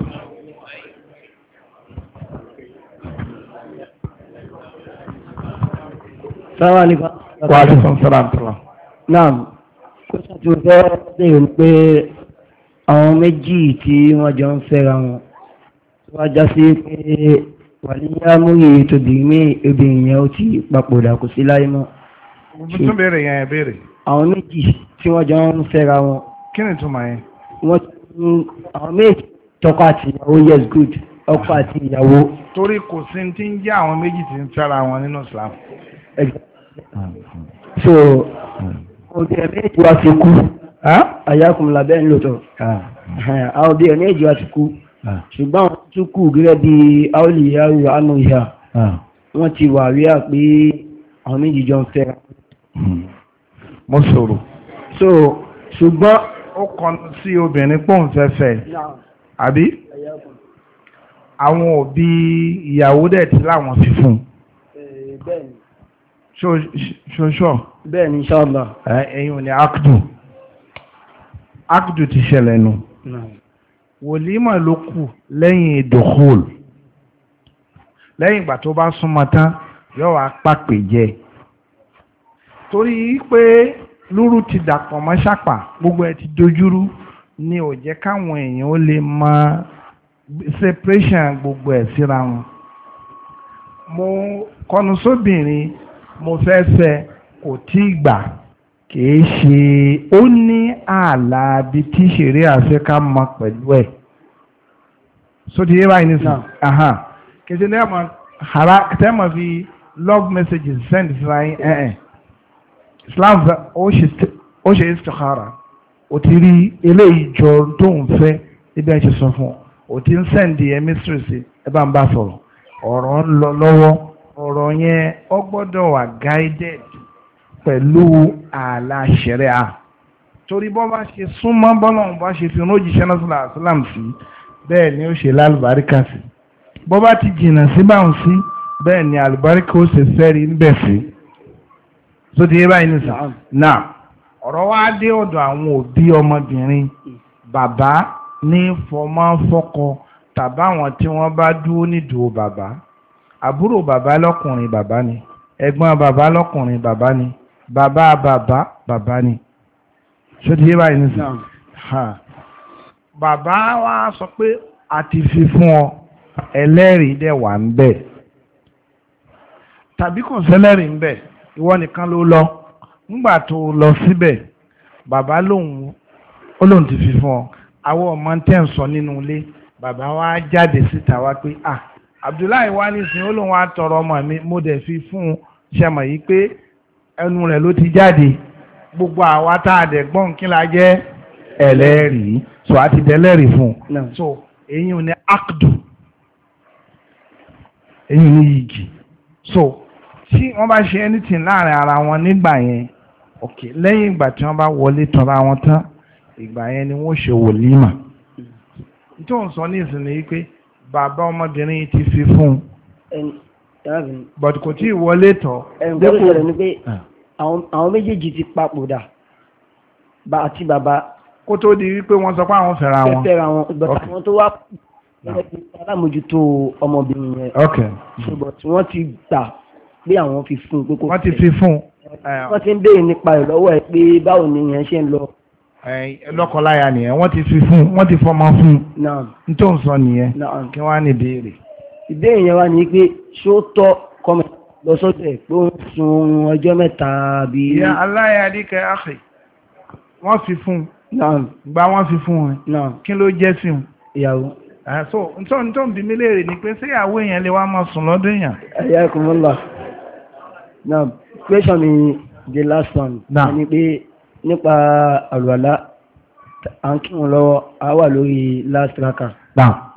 sáwà ní bá. wà á lè sọ sọ́ra àtúrà. naam kó sàtú fẹ́ bẹ̀rẹ̀ pé àwọn méjì tí wọ́n jọ ń fẹ́ra wọn tó wá já sí pé wà ní yámúyè tóbìnrin obìnrin yẹn ó ti papòdà kò sí láyé mọ́. tún béèrè yẹn béèrè. àwọn méjì tí wọ́n jọ ń fẹ́ra wọn. kí ni túmọ̀ yẹn. wọ́n ti àwọn méjì tọkọ àti ìyàwó yes good ọkọ àti ìyàwó. torí kò sí ti ń jẹ́ àwọn méjì tí ń fẹ́ra wọn nínú Islam. so obìnrin méjì wá fi kú àyàkùn làbẹ́ ń lòtọ̀ àwọn obìnrin méjì wá fi kú ṣùgbọ́n àwọn tún kù gẹ́gẹ́ bí aoli yahoo anu ìhà wọ́n ti wà rí à pé àwọn méjì jọ ń fẹ́ra. Hmm. mo sọ̀rọ̀. so ṣùgbọ́n ó kọnu sí obìnrin pòun fẹ́fẹ́ àbí àwọn òbí ìyàwó dẹ̀ tí láwọn fi fún ṣoṣọ́ bẹ́ẹ̀ ni ṣọ́lọ̀ ẹ̀yìn ni akdu akdu ti ṣẹlẹ̀ nù wòlímọ̀ ló kù lẹ́yìn ìdòkúl lẹ́yìn ìgbà tó bá súnmọ́ tán yóò wá pàpè jẹ torí pé lúrú ti dàpọ̀ mọ́ ṣàpà gbogbo ẹ̀ ti dojúrú ni ò jẹ́ káwọn èèyàn ó lè mọ separation gbogbo ẹ̀ síra wọn. mo kọnu sóbìnrin mo fẹ́ fẹ́ kò tí ì gbà kìí ṣe ó ní ààlà bí tí ṣeré àṣeká mọ pẹ̀lú ẹ̀ sóti yé báyìí nísìnyí kìí ṣe ní ẹ̀ mọ̀ hara tẹ́ mọ̀ fi love messages send sí ra ẹ̀ ẹ̀. Islam ó ṣe istikhara ó ti rí eléyìí jọ tó ń fẹ́ níbi ẹ̀ ṣe sọ fún ọ ó ti ń sẹ́ǹdì ẹ̀ mísírìsì ẹ bá ń bá sọ̀rọ̀ ọ̀rọ̀ ń lọ lọ́wọ́ ọ̀rọ̀ yẹn ó gbọ́dọ̀ wà guided pẹ̀lú ààlà ṣẹ̀ríà torí bọ́ bá ṣe súnmọ́ bọ́lá òun bá ṣe fi rójìṣẹ́ náà sílám sí bẹ́ẹ̀ ni ó ṣe lálùbáríkà sí bọ́ bá ti jìnnà sí báwọn sí bẹ́ẹ̀ ni àlùbáríkà ó ṣe fẹ́rí níbẹ̀ sí tó ti yé báyìí nìsín náà ọ̀rọ̀ wá dé ọ̀dọ̀ àwọn òbí ọmọbìnrin bàbá ní fọmọ́ fọ́kọ tàbá àwọn tí wọ́n bá dúró nídùú bàbá àbúrò bàbá lọ́kùnrin bàbá ni ẹ̀gbọ́n bàbá lọ́kùnrin bàbá ni bàbá bàbá bàbá ni ṣó ti yé báyìí nìsín bàbá wa sọ pé àti fi fún ọ ẹlẹ́rìí dẹ̀ wà ń bẹ̀ tàbí kò sẹ́lẹ́rìí ń bẹ̀ ìwọ nìkan ló lọ nígbà tó lọ síbẹ̀ bàbá lòun ó lòun ti fi fún ọ àwọn ọmọ tẹ̀ ń sọ nínú ilé bàbá wa jáde síta wá pé ah Abdullahi wa nísìnyí ó lòun wá tọrọ ọmọ mi mo dẹ̀ fi fún un yìí pé ẹnu rẹ̀ ló ti jáde gbogbo àwa tá a dẹ̀ gbọ́n kí la jẹ́ ẹlẹ́rìí so a ti dẹ́lẹ́rìí fún un so èyí ni akdu èyí ni yìgì so tí wọ́n bá ṣe anything láàrin ara wọn nígbà yẹn ok lẹ́yìn ìgbà tí wọ́n bá wọlé tọ́ra wọn tán ìgbà yẹn ni wọ́n ṣe wòlímà tó ń sọ ní ìsìn yìí pé bàbá ọmọbìnrin ti fi fún un but kò tí ì wọlé tọ́. ẹnìkan tó ṣẹlẹ̀ ni pé ah. àwọn méjèèjì ti papòdà àti bàbá. kó tó di wípé wọ́n sọ pé àwọn fẹ́ra wọn. fẹ́ra wọn ìgbàtà wọn tó wá ah. alámòjútó ọmọbìnrin yẹn. ṣùgbọ́n tí wọ́n ti gbà pé àwọn fi fún un pé kò fẹ́. wọ́n ti fi fún un. wọ́n ti ń béèrè nípa ẹ̀ lọ́wọ́ ẹ̀ pé báwo ni ìyẹn ṣe ń lọ. lọ́kọláya nìyẹn wọ́n ti fi fún un wọ́n ti fọmọ fún un. n tó ń sọ nìyẹn kí wọ́n á ní ìbéèrè. ìbéèrè yẹn wá ní pé ṣó tọ́ kọ́mọ lọ sọ́dọ̀ ẹ̀ pé ó ń sun oorun ọjọ́ mẹ́ta bí. ìyá aláyàdí kẹ́ àṣẹ wọ́n fi fún un. gba wọ́n fi fún un. kí ló jẹ́ sí un. ìyàwó so ntọ́ ntọ́ bí mi léèrè ni pé ṣé ìyàwó èèyàn lè wá máa sùn lọ́dún èèyàn. ẹ̀yà kùmọ́lá now question mi the last one Now, ni pé nípa àlùwàlá à ń kírun lọ́wọ́ a wà lórí last raka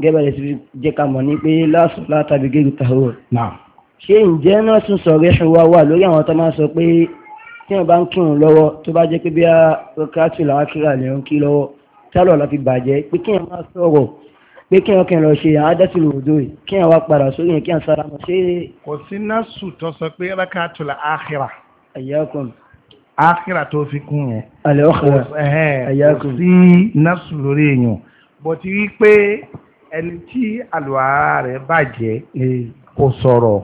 gẹ́gẹ́ bí jẹ́ ká mọ̀ ní pé last láta bí Now, she in general náà sún sọ rẹ̀ wá wà lórí àwọn tó máa sọ pé tí wọ́n bá ń kírun lọ́wọ́ tó bá jẹ́ pé bí a kátù làwọn kíra lè ń kí lọ́wọ́ tálọ̀ láti bàjẹ́ pé kí wọ́n máa sọ̀rọ̀ pé kí wọn kẹrin lọ ṣe àádọ́sí lòdò yìí kí wọn wá padà sórí yẹn kí wọn sára mọ ṣé. kò sí násù tó sọ pé rákàtú la àkìrà. àyàkùn. àkìrà tó fi kún yẹn. àlẹ́ ọ̀kọ̀rọ̀ àyàkùn. kò sí násù lórí èèyàn bó ti ẹni tí àlùwàrá rẹ̀ bàjẹ́ kò sọ̀rọ̀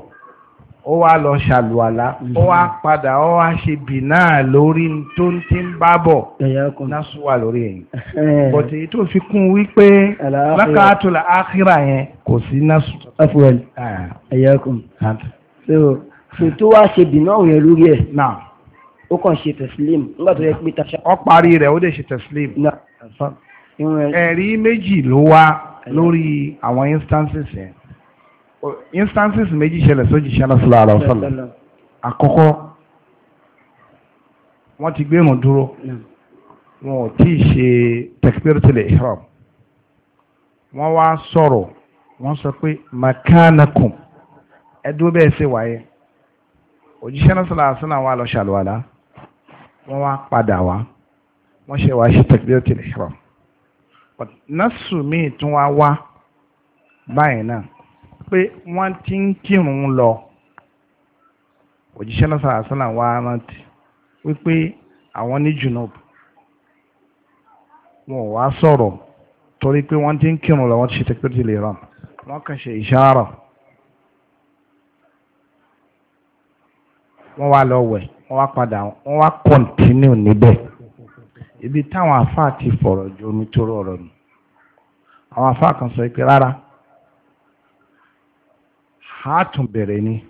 ó wá lọ ṣàlùwàlá ó wá padà ó wá ṣe bì náà lórí tó ń tí ń bá bọ̀ násùwà lórí ẹ̀yìn bọ̀tẹ̀ tó fi kún wípé lákàtúntò àkírà yẹn kò sí násù. afuwẹ̀lì ẹ̀yẹ́kùn so tó wá ṣe bì náà yẹn lórí ẹ̀ náà ó kàn ṣe tẹ̀sílíìmù nígbà tó yẹ pé tàṣà. ó parí rẹ̀ ó dẹ̀ ṣe tẹ̀sílíìmù. ẹ̀rí méjì ló wá lórí àwọn instances yẹn instances méjì ṣẹlẹ̀ sójì ṣẹlẹ̀ sílá ara ọ̀sọ̀lẹ̀ àkọ́kọ́ wọ́n ti gbé ìrùn dúró wọn ò tí ì ṣe takbiratul ihram wọ́n wá sọ̀rọ̀ wọ́n sọ pé makanakum ẹdúró bẹ́ẹ̀ ṣe wáyé òjíṣẹ́ náà sọ̀rọ̀ àṣẹ náà wà lọ ṣàlùwàlá wọ́n wá padà wá wọ́n ṣe wá ṣe takbiratul ihram násù míì tún wá wá báyìí náà pé wọ́n ti ń kírun lọ òjíṣẹ́ náà sàrà sínú àwọn arántí wípé àwọn ní junub wọn ò wá sọ̀rọ̀ torí pé wọ́n ti ń kírun lọ wọ́n ti ṣe tẹ́kítì lè rán wọ́n kàn ṣe ìṣàrà wọ́n wá lọ wẹ̀ wọ́n wá padà wọ́n wá kọ́ntínú níbẹ̀ ibi táwọn afáà ti fọ̀rọ̀ ju omi tó rọrọ̀ nù àwọn afáà kan sọ pé rárá a tún bẹ̀rẹ̀ ni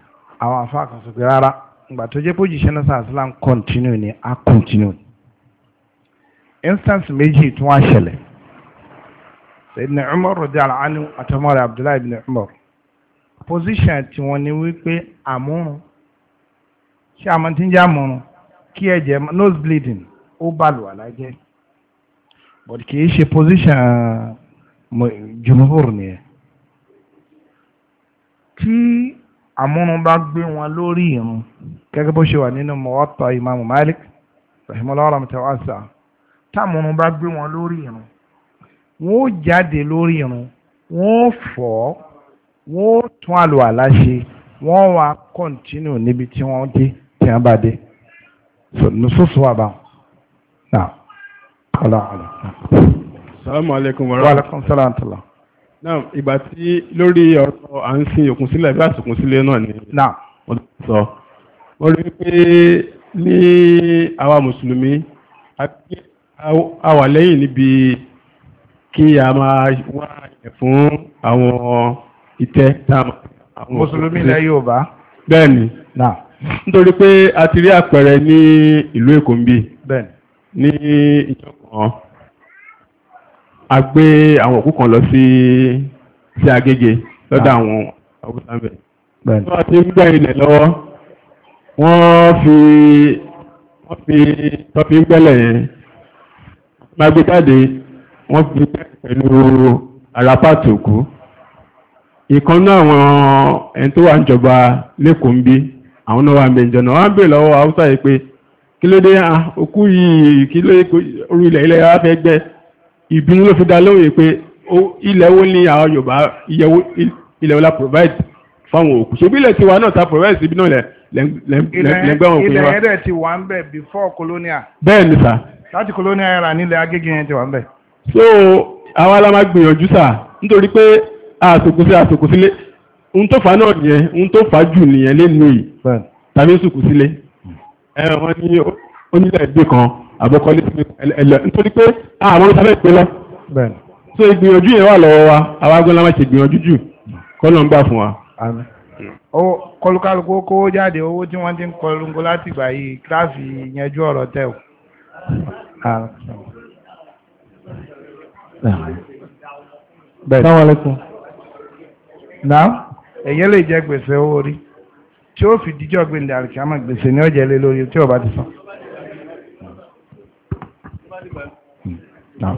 àwọn afá kan sọ pé rárá ìgbà tó jẹ́ pójìṣẹ́ náà sàn sílám continue ni a continue instance méjì tún wá ṣẹlẹ̀ Sayyidina Umar radiyallahu anhu àtọmọ́rẹ̀ Abdullahi ibn Umar position tí wọ́n ní wípé àmúrun ṣé àmọ́ tí ń jẹ́ àmúrun kí ẹ̀jẹ̀ nose bleeding ó bàlùwà lájẹ́ but kì í ṣe position jùmọ̀hùr nìyẹn tí àmúrun bá gbé wọn lórí irun gẹ́gẹ́ bó ṣe wà nínú Muwatta Imam Malik rahimahullah mutawassa táàmúrun bá gbé wọn lórí irun wọn ó jáde lórí irun wọn ó fọ̀ wọn ó tún àlùwàlá ṣe wọn wá kọ́ńtínú níbi tí wọ́n dé tí wọ́n bá dé nususu wa báwọn. Naam. Ala ala. Salaamaleykum wa rahmatulah náà ìgbà tí lórí ọ̀rọ̀ à ń sin òkun sílẹ̀ bí àsìkò sílẹ̀ náà ni wọ́n ti sọ mo rí pé ní àwa mùsùlùmí a wà lẹ́yìn níbi kí a máa wá ẹ̀ fún àwọn ìtẹ́ táàmù. mùsùlùmí ilẹ̀ Yorùbá. bẹ́ẹ̀ni nítorí pé a ti rí àpẹẹrẹ ní ìlú Èkó ń bí ní ìjọ a gbé àwọn òkú kan lọ sí sí Agége lọ́dọ̀ ah. àwọn ọ̀gbọ̀nsáńbẹ̀. wọ́n ti ń gbẹ́ ilẹ̀ lọ́wọ́ wọ́n fi wọ́n fi tọ́fi ń gbẹ́lẹ̀ yẹn máa gbé jáde wọ́n fi pẹ̀lú àràpàtì òkú ìkan náà àwọn ẹni tó wà ń jọba lẹ́kọ̀ọ́ ń bí àwọn náà wà ń bẹ ìjọna wọ́n á bèèrè lọ́wọ́ haúsá yìí pé kí ló dé òkú yìí kí ló dé orí ilẹ̀ ilẹ̀ wa fẹ́ gbẹ́ ìbínú ló fi dá lóòyè pé ilẹ̀ wo ni àwọn Yorùbá ilẹ̀ wo la provide fáwọn òkú ṣe bí ilẹ̀ tiwa náà ta provide síbi náà lẹ́gbẹ́ wọn òkú wa. ilẹ̀ yẹn dẹ̀ ti wà ń bẹ̀ before colonial. bẹ́ẹ̀ ni sà. láti colonial era nílẹ̀ Agége yẹn ti wà ń bẹ̀. so àwa la máa gbìyànjú sà nítorí pé àsòkòsí àsòkòsílé ohun tó fà náà nìyẹn ohun tó fà jù nìyẹn lẹ́nu yìí tàbí sùkùsílé ẹ̀ wọ́n ní onílẹ̀ àbọ̀kọ́lé ẹlẹ́ nítorí pé àwọn ìtàfẹ́ ìpè lọ. so ìgbìyànjú yẹn wà lọ́wọ́ wa àwọn agbóńlá máa ṣe ìgbìyànjú jù kọ́ ló ń gbà fún wa. kọlùkálùkù kó jáde owó tí wọ́n ti ń kọlùkù láti gbà yìí kíláàsì yanjú ọ̀rọ̀ tẹ̀ o. sáwọ́lẹ́kùn. náà èyí lè jẹ gbèsè owó rí tí ó fi díjọ́ gbèndé àlùkìyàmọ̀ gbèsè ní ọ̀jẹ̀ lé lórí tí ò bá ti san. نعم